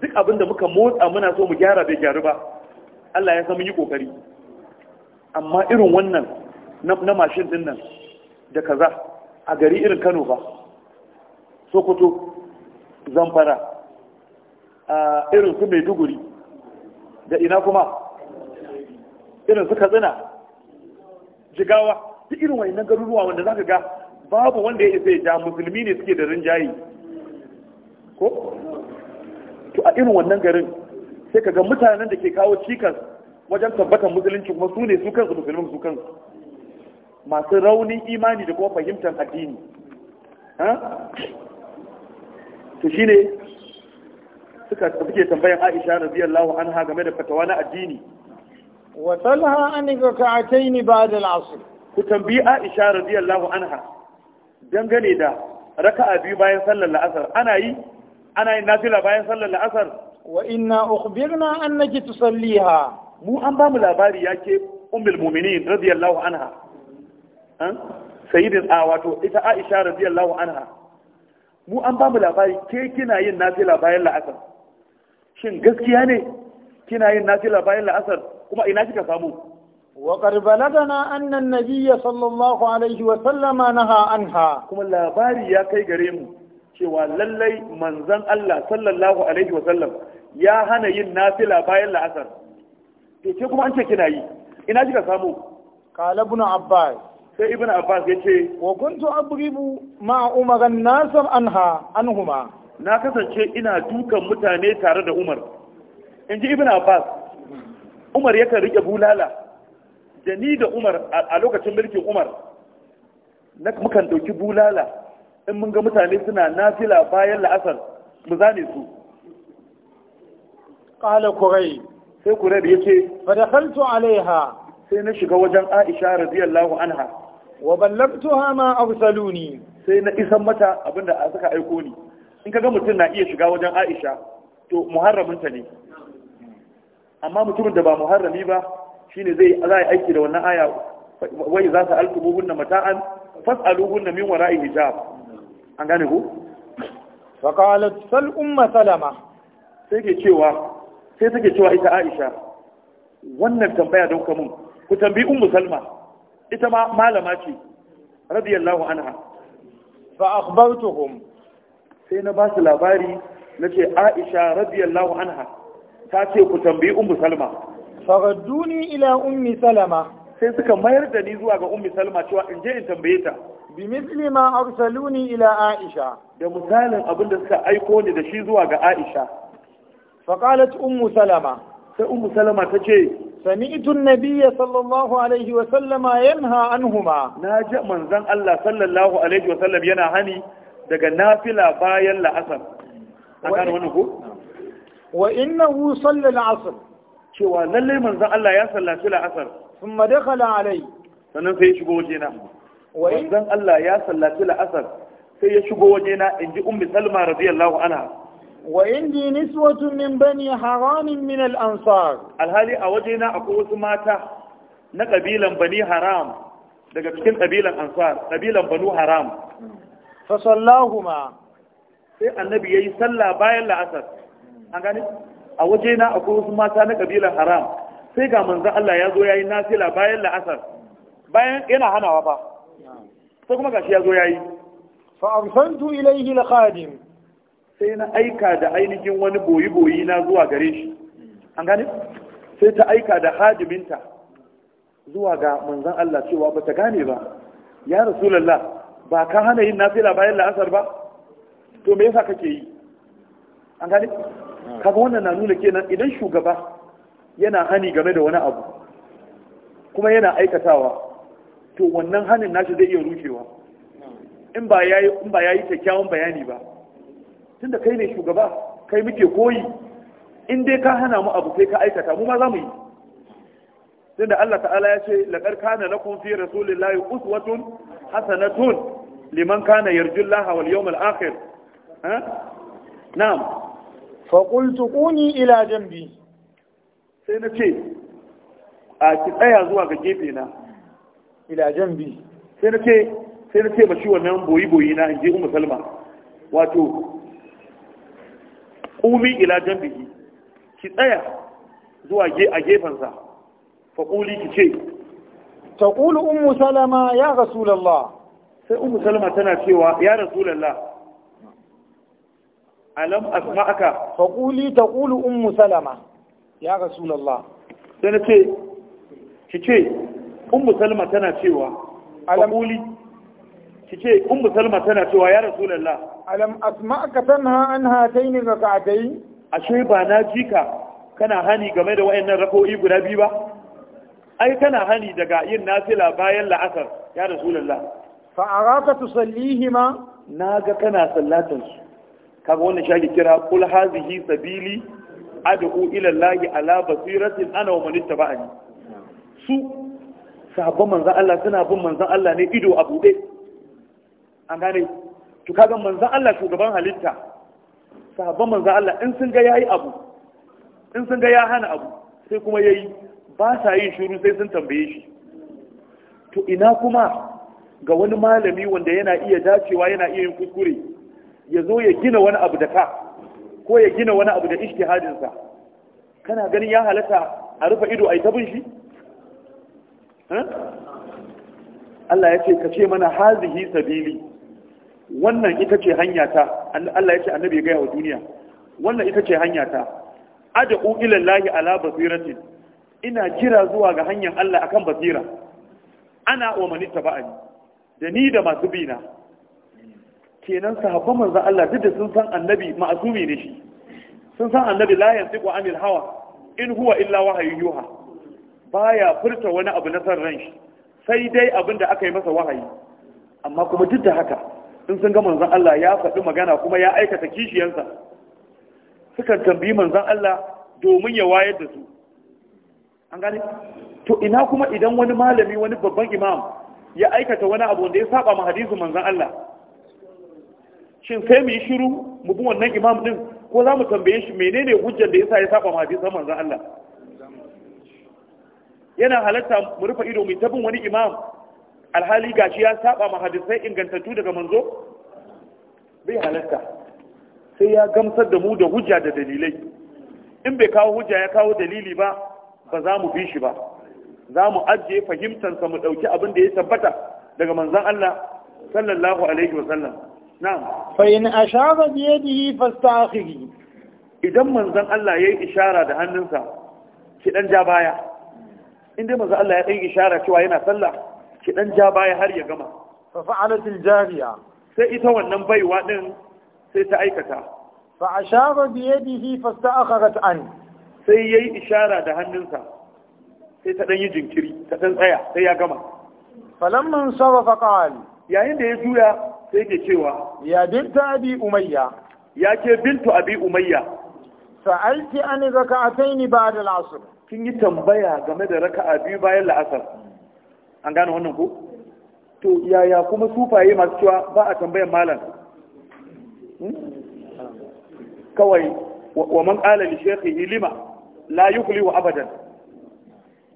duk abin da muka motsa muna so mu gyara bai gyaru ba Allah ya sami yi ƙoƙari amma irin wannan na mashin din nan da kaza a gari irin Kano ba Sokoto Zamfara a irin su Maiduguri da ina kuma irin su Katsina Jigawa duk irin wayannan garuruwa wanda za ka ga babu wanda ya isa ya ja musulmi ne suke da rinjaye ko to a irin wannan garin sai ka ga mutanen da ke kawo cikas wajen tabbatar musulunci kuma su ne su kansu musulmin su kansu masu raunin imani da kuma fahimtar addini to shine suka suke tambayan Aisha radiyallahu anha game da fatawa na addini wa talha an rak'atayn ba'da al-'asr ku tambayi Aisha radiyallahu anha dangane da raka'a biyu bayan sallar la'asar ana yi ana yin nafila bayan sallar la'asar wa inna ukhbirna annaki tusalliha mu an ba mu labari yake ummul mu'minin radiyallahu anha an sayyidin a wato ita Aisha radiyallahu anha mu an ba mu labari ke kina yin nafila bayan la'asar shin gaskiya ne kina yin nafila bayan la'asar kuma ina kika samu وقد بلغنا أن النبي صلى الله عليه وسلم نهى عنها كما لا باري يا كي غريم cewa lallai manzon Allah sallallahu alaihi wa sallam ya hana yin nafila bayan la'asar Keke ce kuma an ce kina yi ina kika samu qala ibn abbas sai ibn abbas yace wa kuntu abribu ma umar an-nas anha anhuma na kasance ina dukan mutane tare da umar inji ibn abbas umar yakan rike bulala da ni da umar a lokacin mulkin umar na mukan ɗauki bulala in mun ga mutane suna nafila bayan la'asar mu zane su ƙala kurai sai kurai da yake fadakaltu alaiha sai na shiga wajen aisha radiyallahu anha wa ballabtuha ma arsaluni sai na isan mata abinda a suka aiko ni in ga mutum na iya shiga wajen aisha to muharraminta ne amma mutumin da ba muharrami ba shine zai za a aiki da wannan aya wai za su alkubu hunna mata'an fas'alu hunna min wara'i hijab an gane ku fa qalat sal umma salama sai ke cewa sai take cewa ita Aisha wannan tambaya don kamun ku tambayi ummu salma ita ma malama ce radiyallahu anha fa akhbartuhum sai na ba su labari nace Aisha radiyallahu anha ta ce ku tambayi ummu salma faradduni ila ummi salama sai suka mayar da ni zuwa ga ummi salama cewa in je in tambaye ta bi misli ma arsaluni ila aisha da misalin abin da suka aiko ni da shi zuwa ga aisha faqalat ummu salama sai ummu salama ta ce سمعت النبي صلى الله عليه وسلم ينهى عنهما ناجى من زن الله صلى الله عليه وسلم ينا هني دغ نافله باين العصر أكان هنا هو وإنه صلى العصر cewa lallai manzan Allah ya sallaci la'asar thumma dakhala alai sannan sai ya shigo wajena Manzan Allah ya sallaci la'asar sai ya shigo wajena inji ummi salma radiyallahu anha wa indi niswatun min bani haram min al ansar alhali a wajena akwai wasu mata na kabilan bani haram daga cikin kabilan ansar kabilan banu haram fa sallahuma sai annabi yayi sallah bayan la'asar an gane a waje na akwai wasu mata na kabilan haram sai ga manzan Allah ya zo yayi nasila bayan la'asar bayan yana hanawa ba sai kuma gashi ya zo yayi fa arsaltu ilayhi al-khadim sai na aika da ainihin wani boyi boyi na zuwa gare shi an gane sai ta aika da hadiminta zuwa ga manzan Allah cewa ba ta gane ba ya rasulullah ba ka hana yin nasila bayan la'asar ba to me yasa kake yi an gane kaga wannan na nuna kenan idan shugaba yana hani game da wani abu kuma yana aikatawa to wannan hanin nashi zai iya rushewa in ba yayi in kyakkyawan bayani ba tunda kai ne shugaba kai muke koyi in dai ka hana mu abu kai ka aikata mu ma za mu yi da Allah ta'ala ya ce laqad kana lakum fi rasulillahi uswatun hasanatun liman kana yarjullaha wal yawmal akhir ha faƙultu ƙuni ila jambi sai na ce a ki tsaya zuwa ga gefe na ila sai na ce sai na wannan boyi-boyi in je umu salma wato ƙumi ila jambi ki tsaya zuwa a gefensa faƙuli ki ce ta ƙulu umu salama ya rasulallah sai umu salama tana cewa ya rasulallah alam asma'aka fa quli taqulu ummu salama ya rasulullah sai na ce ki ce ummu salama tana cewa alam quli ki ce ummu salama tana cewa ya rasulullah alam asma'aka tanha an hatayn rak'atayn ashe ba na ka kana hani game da wayannan rak'o'i guda biyu ba ai kana hani daga yin nafila bayan la'asar ya rasulullah fa araka tusallihima naga kana sallatan su. kaga wannan shi ake kira kul hazihi sabili ad'u ila allahi ala basiratin ana wa man ittaba'ani su sahabban manzon Allah suna bin manzon Allah ne ido a bude an gane to kaga manzon Allah shugaban halitta sahabban manzon Allah in sun ga yayi abu in sun ga ya hana abu sai kuma yayi ba sa yin shiru sai sun tambaye shi to ina kuma ga wani malami wanda yana iya dacewa yana iya yin kuskure ya zo ya gina wani abu da ka ko ya gina wani abu da ishtihadinsa kana ganin ya halatta a rufe ido a yi tabin shi Allah ya ce ka ce mana hazihi sabili wannan ita ce hanyata Allah ya ce annabi ya gaya wa duniya wannan ita ce hanyata ad'u ƙuƙilan lahi ala basiratin ina kira zuwa ga hanyar Allah akan basira ana wa man ittaba'ani da ni da masu bina kenan sahabban manzan Allah duk da sun san annabi ma'asumi ne shi sun san annabi la yantiqu anil hawa in huwa illa wahyu yuha baya furta wani abu na san ran shi sai dai abin aka yi masa wahayi amma kuma duk da haka in sun ga manzan Allah ya faɗi magana kuma ya aikata kishiyansa sukan tambayi manzan Allah domin ya wayar da su an gane to ina kuma idan wani malami wani babban imam ya aikata wani abu da ya saba ma hadisin manzan Allah shin sai mu yi shiru mu bi wannan imam din ko za mu tambaye shi menene hujjar da yasa ya saba ma hadisan manzon Allah yana halatta mu rufe ido mu bin wani imam alhali gashi ya saba ma hadisai ingantattu daga manzo bai halatta sai ya gamsar da mu da hujja da dalilai in bai kawo hujja ya kawo dalili ba ba za mu bi shi ba za mu ajiye fahimtansa mu ɗauki abin da ya tabbata daga manzon Allah sallallahu alaihi wa sallam fa'in a shara biye da yi fasta akiri idan manzan Allah ya yi ishara da hannunsa ki ɗan ja baya inda manzan Allah ya ɗan ishara cewa yana sallah ki ɗan ja baya har ya gama fa'alatin jariya sai ita wannan baiwa ɗin sai ta aikata fa a shara biye da yi fasta akarat an sai ya yi ishara da hannunsa sai ta ɗan yi jinkiri ta ɗan tsaya sai ya gama falamman sarrafa ƙawali yayin da ya juya sai ke cewa ya binta abi umayya ya ke bintu abi umayya sa'alti an raka'ataini ba'da al-asr kin yi tambaya game da raka'a biyu bayan la'asar an gane wannan ko to yaya kuma sufaye masu cewa ba a tambayan malam hmm? kawai wa man qala li shaykhi lima la yukli wa abadan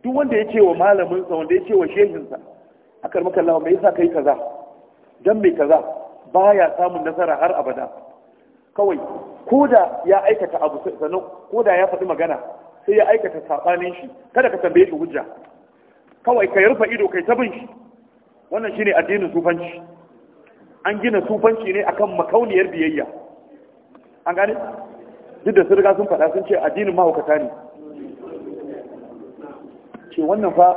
duk wanda ya ce wa malamin sa wanda ya ce wa shehin sa akar maka Allah me yasa kai kaza don mai kaza ya samun nasara har abada kawai ko da ya aikata abu sannan ko da ya faɗi magana sai ya aikata saɓanin shi kada ka tambaye shi hujja kawai ka rufe ido kai ta Wannan shi wannan shine addinin sufanci an gina sufanci ne akan makauniyar biyayya an gane duk da sun riga sun faɗa sun ce addinin mahaukata ne ce wannan fa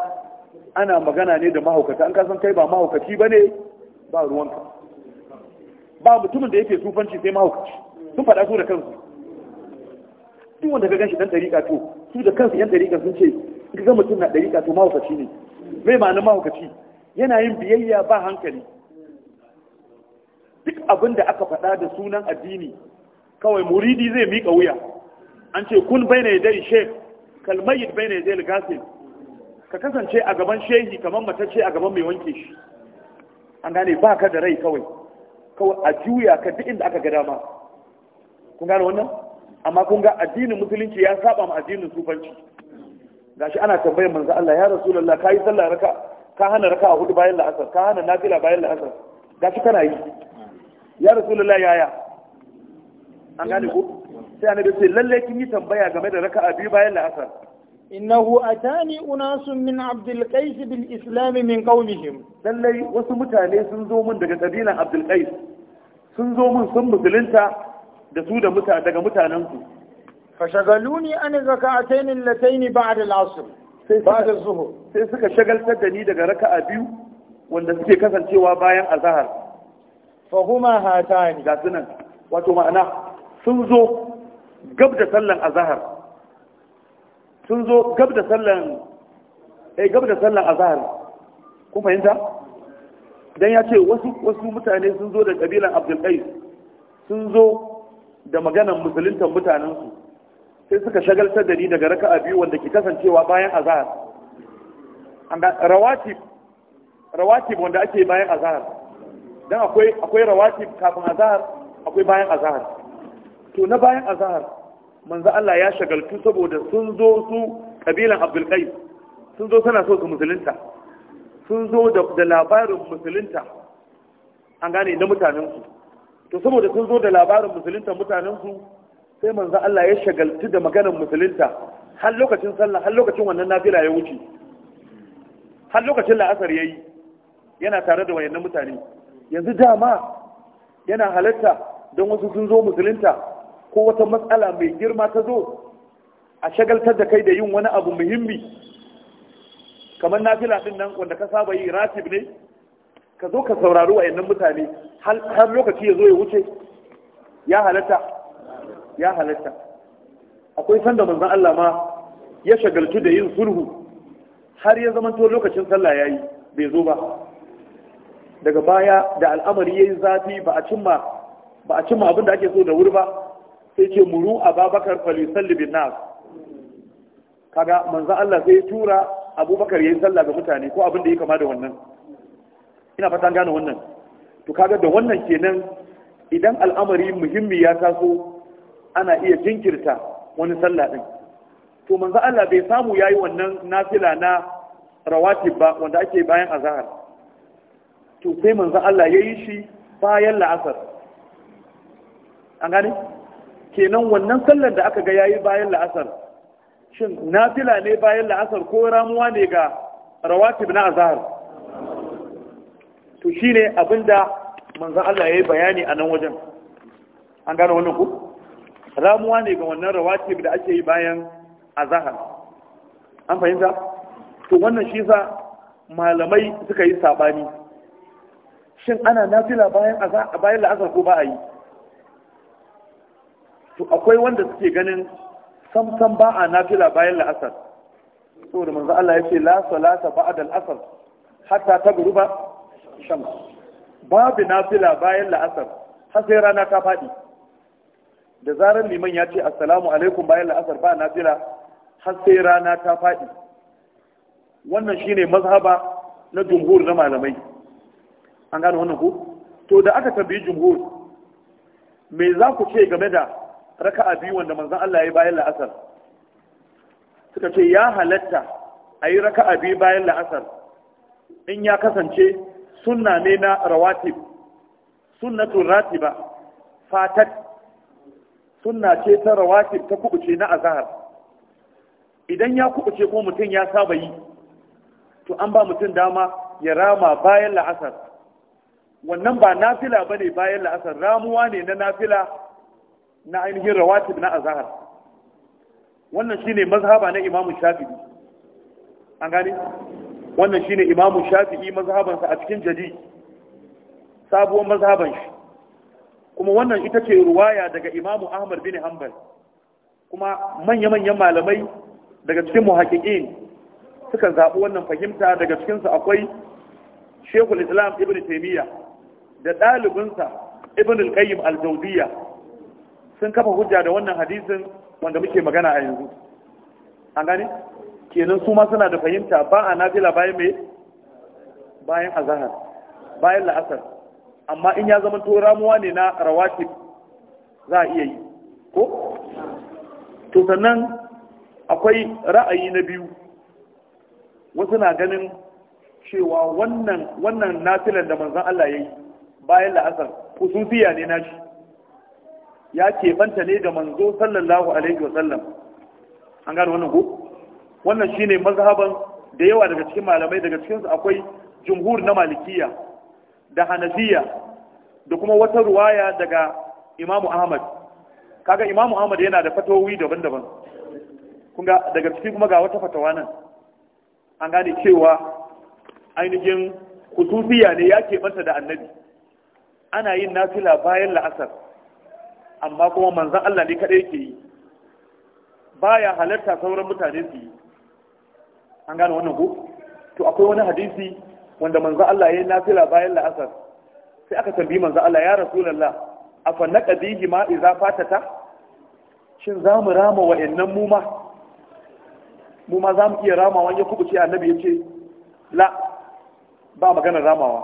ana magana ne da mahaukata an kasan kai ba mahaukaci ba ne ba ruwanka ba mutumin da yake sufanci sai mahaukaci sun faɗa su da kansu duk wanda ka ganshi dan dariƙa to su da kansu yan dariƙa sun ce in ga mutum na dariƙa to mahaukaci ne mai ma'ana mahaukaci yana yin biyayya ba hankali duk abin da aka faɗa da sunan addini kawai muridi zai mika wuya an ce kun bai na dai shek kalmayit bai na yadda ka kasance a gaban shehi kamar matacce a gaban mai wanke shi an gane ba ka da rai kawai kawai a juya ka duk inda aka ga dama kun gane wannan amma kun ga addinin musulunci ya saba ma addinin sufanci gashi ana tambayar manzo Allah ya rasulullah kai sallah raka ka hana raka a hudu bayan la'asar ka hana nafila bayan la'asar gashi kana yi ya rasulullah yaya an gane ko sai annabi sai lalle kin yi tambaya game da raka'a biyu bayan la'asar innahu atani unasun min abdul qais bil islam min qawlihim lallai wasu mutane sun zo mun daga kabilan abdul qais sun zo mun sun musulunta da su da muta daga mutanen su fashagaluni an zaka'atayn allatayn ba'd al-asr ba'd az sai suka shagaltar da ni daga raka'a biyu wanda suke kasancewa bayan azhar fa huma wato ma'ana sun zo gab da sallan sun zo gab da sallan eh gab da sallan ku fahimta dan ya ce wasu mutane sun zo da ƙabilan Abdul sun zo da maganan musulunta mutanensu. sai suka shagaltar da ni daga raka a biyu wanda ke kasancewa bayan azahar. rawatib rawatib wanda ake bayan azahar. dan akwai akwai rawatib kafin azahar, akwai bayan azahar. to na bayan azahar. manzo Allah ya shagaltu saboda sun zo su kabilan Abdul Qais sun zo suna so su musulunta sun zo da labarin musulunta an gane na mutanensu to saboda sun zo da labarin musulunta mutanensu sai manzo Allah ya shagaltu da maganar musulunta har lokacin sallah har lokacin wannan nafila ya wuce har lokacin la'asar yayi yana tare da wayannan mutane yanzu dama yana halatta don wasu sun zo musulunta ko wata matsala mai girma ta zo a shagaltar da kai da yin wani abu muhimmi kamar nafila din nan wanda ka saba yi ratib ne ka zo ka saurari wa 'yannan mutane har lokaci ya zo ya wuce ya halatta ya halatta akwai sanda manzon Allah ma ya shagaltu da yin sulhu har ya zamanto lokacin sallah yayi bai zo ba daga baya da al'amari yayi zafi ba a cimma ba a cimma abin da ake so da wuri ba sai ce muru Babakar falisalli bin nas kaga manzan Allah sai tura abubakar ya yi sallah ga mutane ko abin da ya kama da wannan ina fata gane wannan to kaga da wannan kenan idan al'amari muhimmi ya taso ana iya jinkirta wani sallah din to manzan Allah bai samu ya yi wannan nafila na rawatib ba wanda ake bayan azhar to sai manzan Allah yayi shi bayan la'asar an gane kenan wannan sallar da aka ga yayi bayan la'asar shin nafila ne bayan la'asar ko ramuwa ne ga rawatib na azhar to shine abinda manzon Allah yayi bayani a nan wajen an gano wannan ku ramuwa ne ga wannan rawatib da ake yi bayan azhar an fahimta to wannan shi yasa malamai suka yi sabani shin ana nafila bayan azhar bayan la'asar ko ba a yi to akwai wanda suke ganin samsam ba a nafila bayan la'asar saboda manzo Allah ya ce la salata ba'da al-asr hatta tagruba shams babu nafila bayan la'asar har sai rana ta fadi da zarar liman ya ce assalamu alaikum bayan la'asar ba nafila har sai rana ta fadi wannan shine mazhaba na jumhur na malamai an gano wannan ku to da aka tambayi jumhur me za ku ce game da Raka a biyu wanda manzan Allah ya yi bayan la'asar suka ce ya halatta a yi raka a biyu bayan la'asar in ya kasance suna ne na rawatib sunnatun ba, fatat suna ce ta rawatib ta kubuce na azahar. idan ya kubuce ko mutum ya saba yi to an ba mutum dama ya rama bayan la'asar wannan ba nafila bane bayan la'asar ramuwa ne na nafila na ainihin rawatib na azhar wannan shine mazhaba na imamu shafi'i an gane wannan shine imamu shafi'i mazhabansa a cikin jadi sabuwar mazhaban shi kuma wannan ita ce ruwaya daga imamu ahmad bin hanbal kuma manya-manyan malamai daga cikin muhaƙiƙin suka zaɓi wannan fahimta daga cikinsu akwai shekul islam ibn taimiyya da ɗalibinsa ibn al-qayyim al-jawziyya sun kafa hujja da wannan hadisin wanda muke magana a yanzu an gane kenan su ma suna da fahimta ba a nafila bayan mai bayan azahar bayan la'asar amma in ya zama to ramuwa ne na rawatib za a iya yi ko to sannan akwai ra'ayi na biyu wasu na ganin cewa wannan wannan nafilan da manzon Allah ya yi bayan la'asar kusurfiya ne na nashi ya kebanta ne da manzo sallallahu alaihi wasallam an gane wannan ko wannan shine mazhaban da yawa daga cikin malamai daga cikinsu akwai jumhur na malikiya da hanafiya da kuma wata ruwaya daga imamu ahmad kaga imamu ahmad yana da fatowi daban-daban ga daga ciki kuma ga wata fatawa nan an gane cewa ainihin kutufiya ne ya keɓanta da annabi ana yin nafila bayan la'asar amma kuma manzan Allah ne kaɗai ke yi Ba ya halarta sauran mutane su yi an gane wannan ko to akwai wani hadisi wanda manzan Allah ya yi nafila bayan la'asar sai aka tambayi manzan Allah ya A afa naqdihi ma idza fatata shin za mu rama wa'annan mu ma mu ma za mu iya ramawa ya ce annabi ya ce la ba magana ramawa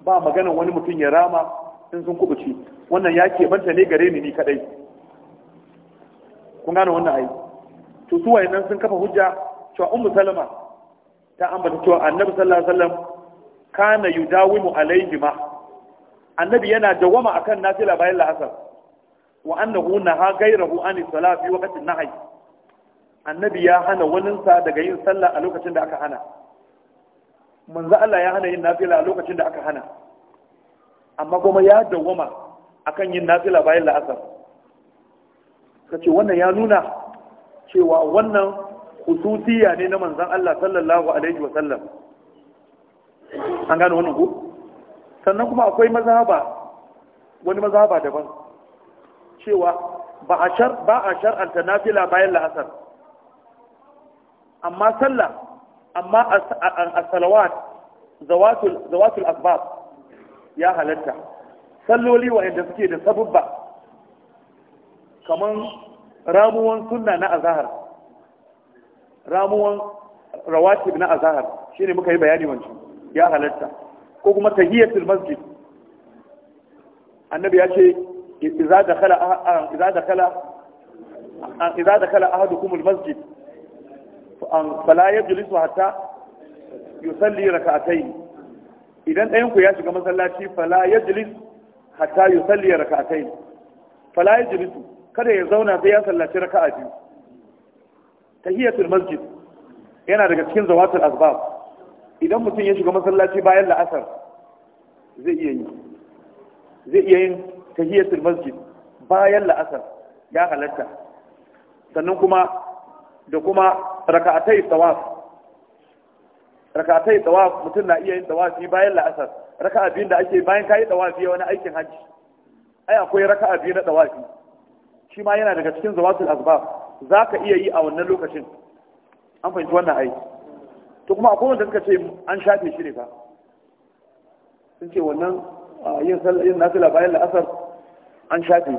ba magana wani mutum ya rama in sun kubuce wannan ya keɓanta ne gare ni ni kadai kun gane wannan ai to su nan sun kafa hujja cewa ummu salama ta ambata cewa annabi sallallahu alaihi wasallam kana yudawimu alaihi ma annabi yana dawama akan nafila bayan la'asar wa annahu naha ghayrahu an salati waqtin nahy annabi ya hana sa daga yin sallah a lokacin da aka hana manzo Allah ya hana yin nafila a lokacin da aka hana amma kuma ya dawwama akan yin nafila bayan la'asar Ka ce wannan ya nuna cewa wannan hususiya ne na manzan Allah sallallahu alaihi wa sallam an gano wannan ku sannan kuma akwai mazhaba wani mazhaba daban cewa ba a shar ba a shar'anta nafila bayan la'asar amma sallah amma as-salawat zawatul zawatul asbab ya halatta salloli wa'anda suke da sabubba kaman ramuwan sunna na azahar ramuwan rawatib na azahar shine muka yi bayani wancan ya halatta ko kuma tahiyatul masjid annabi ya ce idza dakhala idza dakhala idza dakhala ahadukum almasjid fa la yajlisu hatta yusalli rak'atayn idan ɗayan ku ya shiga masallaci fala yajlis hatta yusalli rak'atayn fala yajlisu kada ya zauna sai ya sallaci raka'a biyu tahiyatul masjid yana daga cikin zawatul asbab idan mutum ya shiga masallaci bayan la'asar zai iya yi zai iya yin tahiyatul masjid bayan la'asar ya halatta sannan kuma da kuma raka'atai tawaf rakatai tawaf mutum na iya yin fi bayan la'asar raka'a abin da ake bayan kayi fi wani aikin hajji ai akwai raka'a biyu na fi shi ma yana daga cikin zawatul Za zaka iya yi a wannan lokacin an fahimci wannan ai to kuma akwai wanda suka ce an shafe shi ne fa sun ce wannan yin sallah yin nafila bayan la'asar an shafe ni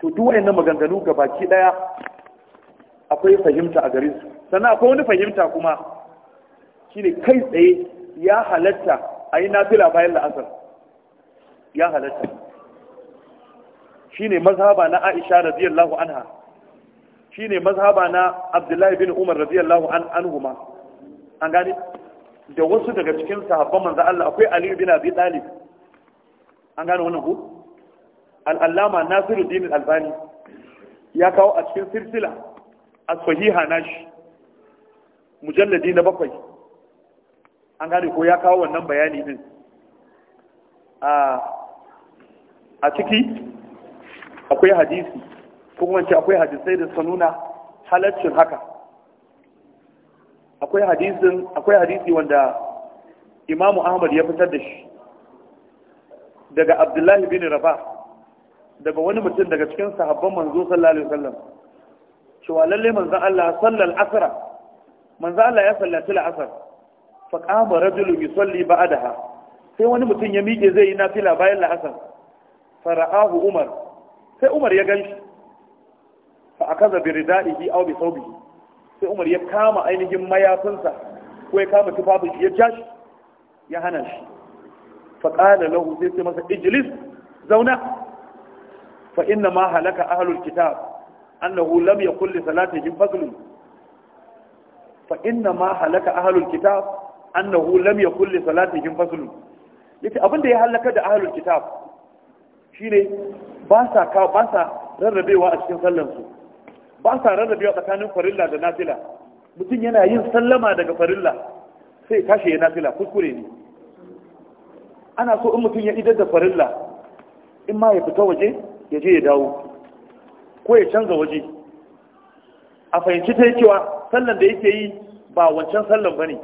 to duk wayannan maganganu gabaki daya akwai fahimta a gare su sannan akwai wani fahimta kuma shine kai tsaye ya halatta a yi nafila bayan la'asar ya halatta shine mazhaba na aisha radiyallahu anha shine mazhaba na abdullahi bin umar radiyallahu ma. an gane da wasu daga cikin sahabban manzo Allah akwai Ali bin Abi Talib an gane wannan ku al-allama Nasiruddin al-Albani ya kawo a cikin silsila as-sahiha nashi mujalladi na bakwai an gane ko ya kawo wannan bayani din a ciki akwai hadisi kuma ce akwai hadisai da sanuna nuna halaccin haka akwai hadisin akwai hadisi wanda imamu ahmad ya fitar da shi daga abdullahi bin rabah daga wani mutum daga cikin sahabban manzo sallallahu alaihi wasallam cewa lalle manzo Allah sallal asra manzo Allah ya sallaci al-asr فقام رجل يصلي بعدها sai wani mutum ya miƙe zai yi nafila bayan la'asar fara'ahu umar sai umar ya gan shi fa akaza bi ridaihi aw bi thawbihi sai umar ya kama ainihin mayafinsa ko ya kama tufafin shi ya ja shi ya hana shi fa qala lahu sai sai masa ijlis zauna fa inna ma halaka ahlul kitab annahu lam yakul li salatihim fadlun fa inna ma halaka ahlul kitab annahu lam yakul li salatihim faslun yace abin da ya halaka da ahlul kitab shine ba sa ka ba sa rarrabewa a cikin sallan su ba sa rarrabewa tsakanin farilla da nafila mutum yana yin sallama daga farilla sai tashi ya nafila kuskure ne ana so in mutum ya idar da farilla in ma ya fita waje ya je ya dawo ko ya canza waje a fahimci ta cewa sallan da yake yi ba wancan sallan ba ne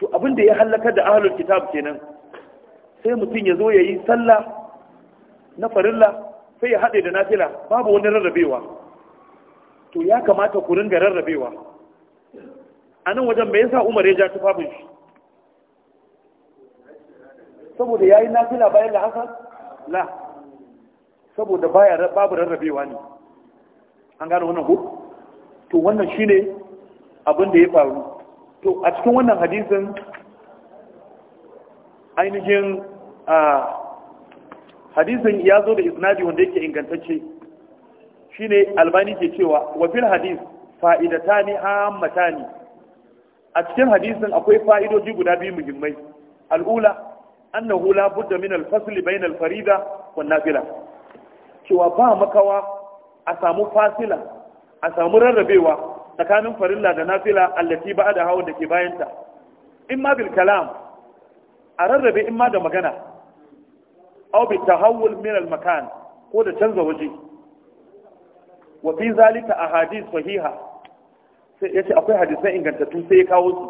to abin da ya halakar da ahlul kitab kenan sai mutum ya zo ya yi sallah na farilla sai ya haɗe da nafila babu wani rarrabewa to ya kamata ku ringa rarrabewa a nan wajen me yasa umar ya ja tufafin shi saboda ya yi nafila bayan haka la saboda baya babu rarrabewa ne an gano wannan ku to wannan shine abin da ya faru to a cikin wannan hadisin ainihin hadisin ya zo da isnadi wanda yake ingantacce shine albani ke cewa wa fa'idata ne ta ne a cikin hadisin akwai fa'idoji guda biyu muhimmai al'ula annahu hula budda min alfasili bayan alfarida farida wa nafila cewa ba makawa a samu fasila a samu rarrabewa tsakanin farilla da nafila allati ba da hawan da ke bayanta in ma bil kalam a rarrabe in ma da magana aw bi tahawul min al makan ko da canza waje wa fi zalika ahadith sahiha sai yace akwai hadisan ingantattu sai ya kawo su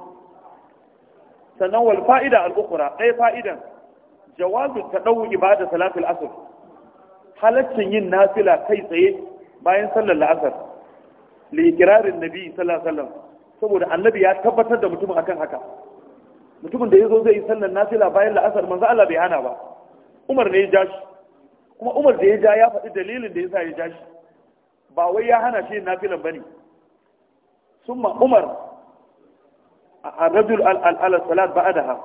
sannan wal fa'ida al ukhra ɗaya fa'idan jawazu tadawu ibada salatul asr halaccin yin nafila kai tsaye bayan sallar la'asar li nabi sallallahu alaihi wasallam saboda annabi ya tabbatar da mutumin akan haka mutumin da ya zo zai yi sallar nafila bayan la'asar manzo Allah bai hana ba Umar ne ya ja shi kuma Umar da ya ja ya faɗi dalilin da yasa ya ja shi ba wai ya hana shi nafilan bane summa Umar ar-rajul al-ala salat ba'daha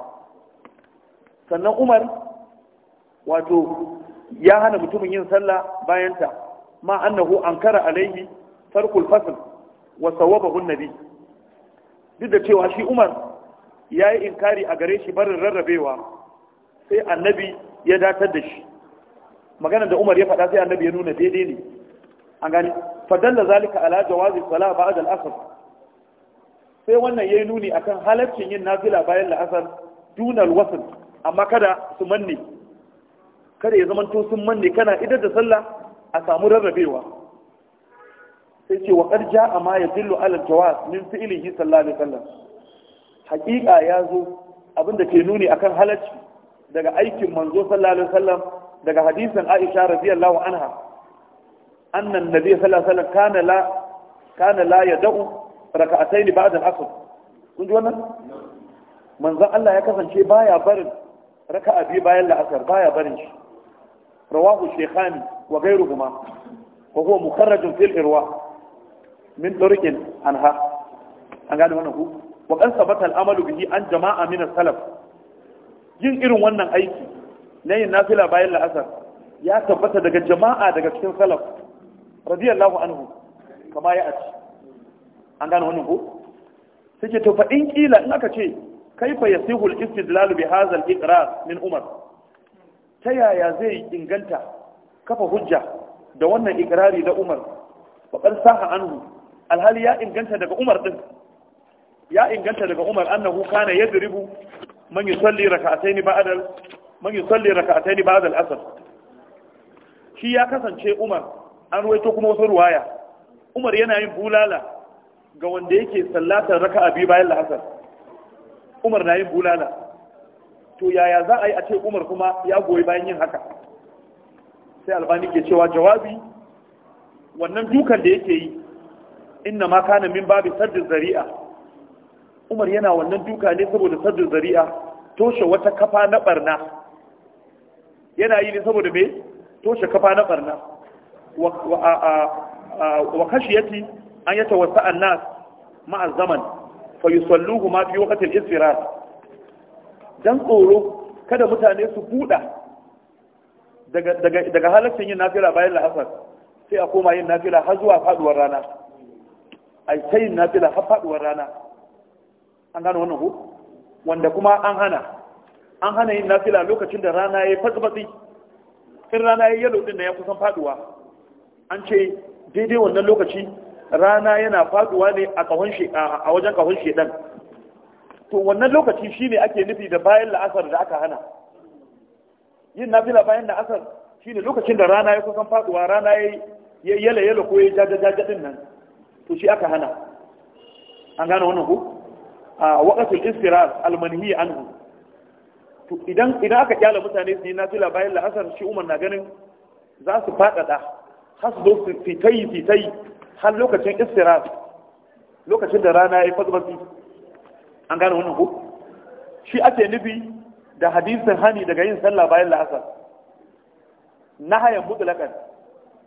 sannan Umar wato ya hana mutumin yin sallah bayanta ma annahu ankara alaihi tarkul fasl wa sawabahu nabi duk da cewa shi umar ya yi inkari a gare shi barin rarrabewa sai annabi ya datar da shi maganar da umar ya faɗa sai annabi ya nuna daidai ne an gani fadalla zalika ala jawazi sala ba'da al-asr sai wannan yayi nuni akan halaccin yin nafila bayan la'asar dunal wasl amma kada su manne kada ya zamanto sun manne kana idar da sallah a samu rarrabewa sai ce wa ƙarja a ma ya dillu alal jawaz min fi'ilihi sallallahu alaihi wasallam Haƙiƙa ya zo abin da ke nuni akan halacci daga aikin manzo sallallahu alaihi wasallam daga hadisin Aisha radiyallahu anha annan nabi sallallahu alaihi wasallam kana la kana la yad'u raka'atayn ba'da al-asr kun ji wannan manzon Allah ya kasance baya barin raka'a biyu bayan la'asar baya barin shi rawahu shaykhani wa ghayruhuma wa huwa mukharrajun fil irwa' min turqin anha an gane wannan ku wa kan sabata al'amalu an jama'a min salaf yin irin wannan aiki na yin nafila bayan la'asar ya tabbata daga jama'a daga cikin salaf radiyallahu anhu kama ya aci an gane wannan ko suke to fa in in aka ce kaifa yasihu al-istidlal bi hadha al min umar ta yaya zai inganta kafa hujja da wannan ikrari da umar wa saha anhu alhali ya inganta daga umar din ya inganta daga umar annahu kana yadribu man yusalli raka'ataini ba'dal man yusalli raka'ataini ba'dal al-asr shi ya kasance umar an waito kuma wasu ruwaya umar yana yin bulala ga wanda yake sallatar raka'a biyu bayan la'asar umar na yin bulala to yaya za a yi a ce umar kuma ya goyi bayan yin haka sai albani ke cewa jawabi wannan dukan da yake yi inna ma kana min babi sardin zari'a umar yana wannan duka ne saboda sardin zari'a toshe wata kafa na barna yana yi ne saboda me toshe kafa na barna wa kashiyati an yata wasu annas ma'a zaman fa yusalluhu ma fi waqtil isfirar dan tsoro kada mutane su buda daga daga daga halaccin yin nafila bayan la'asar sai a koma yin nafila har zuwa faduwar rana a sai yin nafila har faduwar rana an gano wannan ko wanda kuma an hana an hana yin nafila lokacin da rana ya yi fasi-fasi, in rana ya yi yalo din da ya kusan faduwa an ce daidai wannan lokaci rana yana faduwa ne a wajen kahon shedan to wannan lokaci shine ake nufi da bayan la'asar da aka hana yin nafila bayan la'asar shine lokacin da rana ya kusan faduwa rana ya yi yala ko ya jajajaja din nan to shi aka hana an gane wannan ko a waqatul istiraz almanhi anhu to idan idan aka kyala mutane su yi nafila bayan la'asar shi umar na ganin za su fadada har su zo su fitayi fitayi har lokacin istiraz lokacin da rana ya yi fasbasi an gane wannan ko shi ake nufi da hadisin hani daga yin sallah bayan la'asar na hayan mutlakan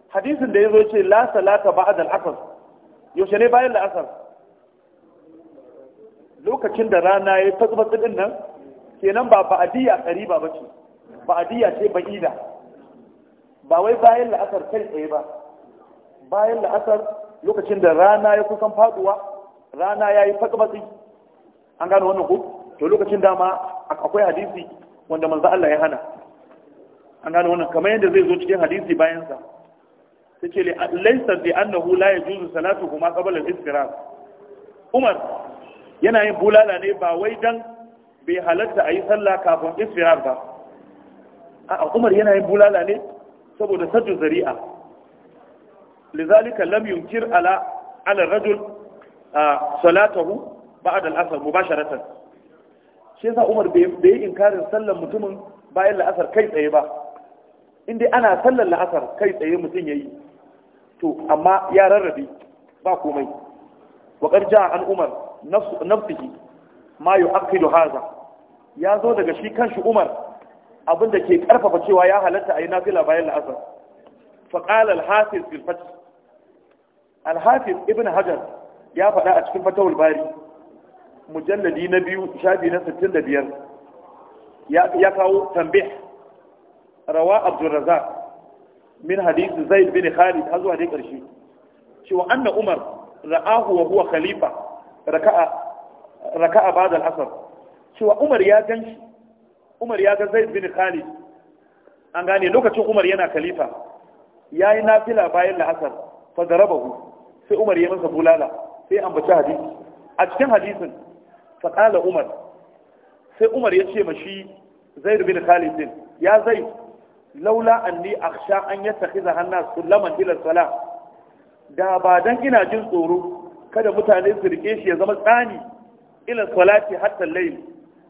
hadisin da ya zo ce la salata ba'da al-asr yaushe ne bayan la'asar lokacin da rana ya ta zuba tsibin nan kenan ba ba'adiyya ƙariba ba ce ba'adiyya ce ba'ida ba wai bayan la'asar kai tsaye ba bayan la'asar lokacin da rana ya kusan faduwa rana ya yi fatsi an gano wannan ku to lokacin dama akwai hadisi wanda manzo Allah ya hana an gano wannan kamar yadda zai zo cikin hadisi bayansa? sa tace li laysa bi annahu la yajuzu salatu kuma qabla al-istirab Umar yana yin bulala ne ba wai dan bai halatta a yi sallah kafin istirar ba a umar yana yin bulala ne saboda sajju zari'a lizalika lam yunkir ala ala rajul salatahu ba'd al-asr mubasharatan shi yasa umar bai yi inkarin sallar mutumin bayan la'asar kai tsaye ba inda ana sallar la'asar kai tsaye mutum ya yi. to amma ya rarrabe ba komai wa ja an umar nafsihi ma yu'aqidu haza ya zo daga shi kanshi umar abinda ke ƙarfafa cewa ya halatta a yi nafila bayan la'asar fa qala al-hafiz ibn hajar ya faɗa a cikin fatawul bari mujalladi na biyu shafi na biyar. ya kawo tambih rawa abdulrazak min hadisi zaid bin khalid har zuwa dai karshe cewa anna umar ra'ahu wa khalifa raka'a raka'a ba'da al-asr cewa umar ya ganshi umar ya ga zaid bin khalid an gane lokacin umar yana khalifa yayi nafila bayan la'asar fa darabahu sai umar ya masa bulala sai ambaci hadisi a cikin hadisin fa umar sai umar ya ce ma shi bin khalid din ya laula anni akhsha an yattakhidha hannas kullaman ila salah da ba dan ina jin tsoro kada mutane su rike shi ya zama tsani ila salati hatta layl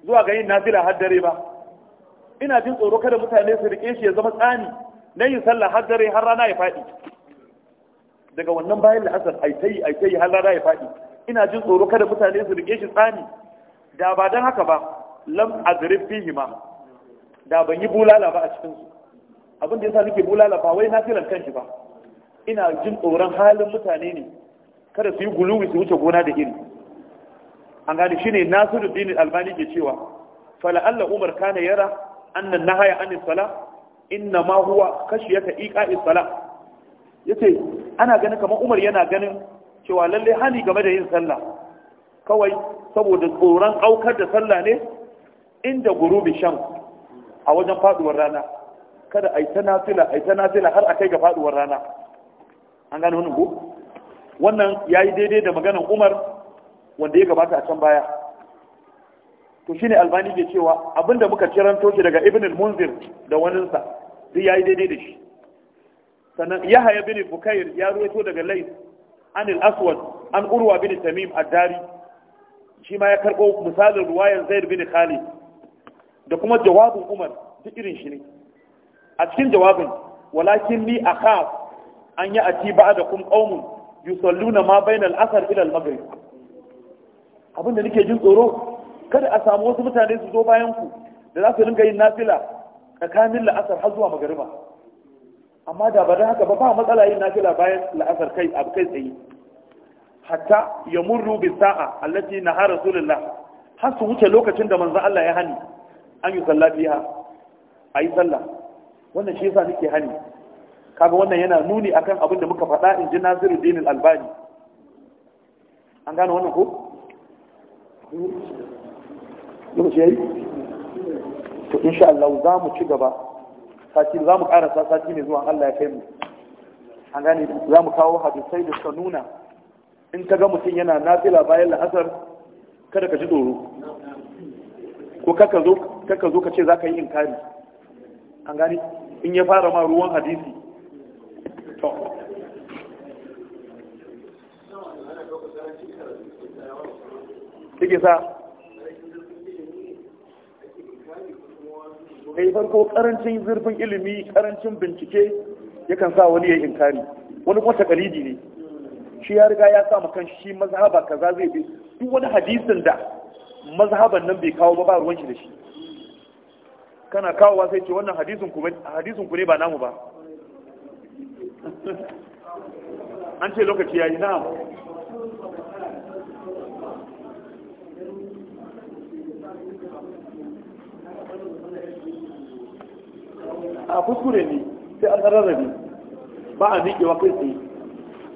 zuwa ga yin nafila har dare ba ina jin tsoro kada mutane su rike shi ya zama tsani na yin sallah har dare har rana ya faɗi daga wannan bayan la'asar aitayi aitayi har rana ya faɗi ina jin tsoro kada mutane su rike shi tsani da ba don haka ba lam azrif fihi da ban yi bulala ba a cikin su abin da yasa nake bulala ba wai na kan kanshi ba ina jin tsoron halin mutane ne kada su yi guluwi su wuce gona da iri an gani shine dini Albani ke cewa fala Allah Umar kana yara annan nahaya an sala inna ma huwa khashiyata iqa'is sala yace ana ganin kamar Umar yana ganin cewa lalle hani game da yin sallah kawai saboda tsoron aukar da sallah ne inda gurubi shan a wajen faduwar rana kada a yi ta nafila a yi ta nafila har a kai ga faduwar rana an gano wani ko wannan ya yi daidai da maganan umar wanda ya gabata a can baya to shi ne albani ke cewa abinda muka kiran toshe daga ibn munzir da waninsa duk ya yi daidai da shi sannan yahaya bin bukair ya ruwaito daga lais Anil al-aswad an urwa bin tamim ad-dari shi ma ya karɓo misalin ruwayan zaid bin khalid da kuma jawabin umar duk irin shi ne a cikin jawabin walakin ni a kaf an ya da ba'dakum qaumun yusalluna ma bainal la'asar ila al abin da nake jin tsoro kada a samu wasu mutane su zo bayan ku da za su ringa yin nafila tsakanin la'asar har zuwa magariba amma da ba da haka ba ba matsala yin nafila bayan la'asar kai abu kai tsaye hatta ya murru bi sa'a allati naha rasulullah har su wuce lokacin da manzo Allah ya hani an yi sallah biha ayi sallah wannan shi yasa nake hani kaga wannan yana nuni akan abin da muka faɗa in ji nasiru dinin albani an gane wannan ko lokaci yayi to insha Allah za mu ci gaba sati za mu ƙarasa sati ne zuwa Allah ya kai mu an gane za mu kawo hadisai da suka nuna in ka ga mutum yana nafila bayan la'asar kada ka ji tsoro ko kaka zo ka ce za ka yi inkari an gane in ya fara ma ruwan hadisi to kike sa kai farko karancin zurfin ilimi karancin bincike yakan sa wani ya inkari wani kuma takalidi ne shi ya riga ya sa makan shi mazhaba kaza zai bi duk wani hadisin da mazhaban nan bai kawo ba ba ruwan shi da shi kana kawowa sai ce wannan hadisin ku ne ba namu ba an ce lokaci yayi na. a kuskure ne sai an rabi ba a miƙewa kai tsaye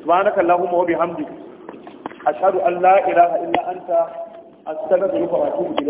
subhanaka allahumma wa bihamdika ashhadu an la ilaha illa anta astaghfiruka wa atubu ilayk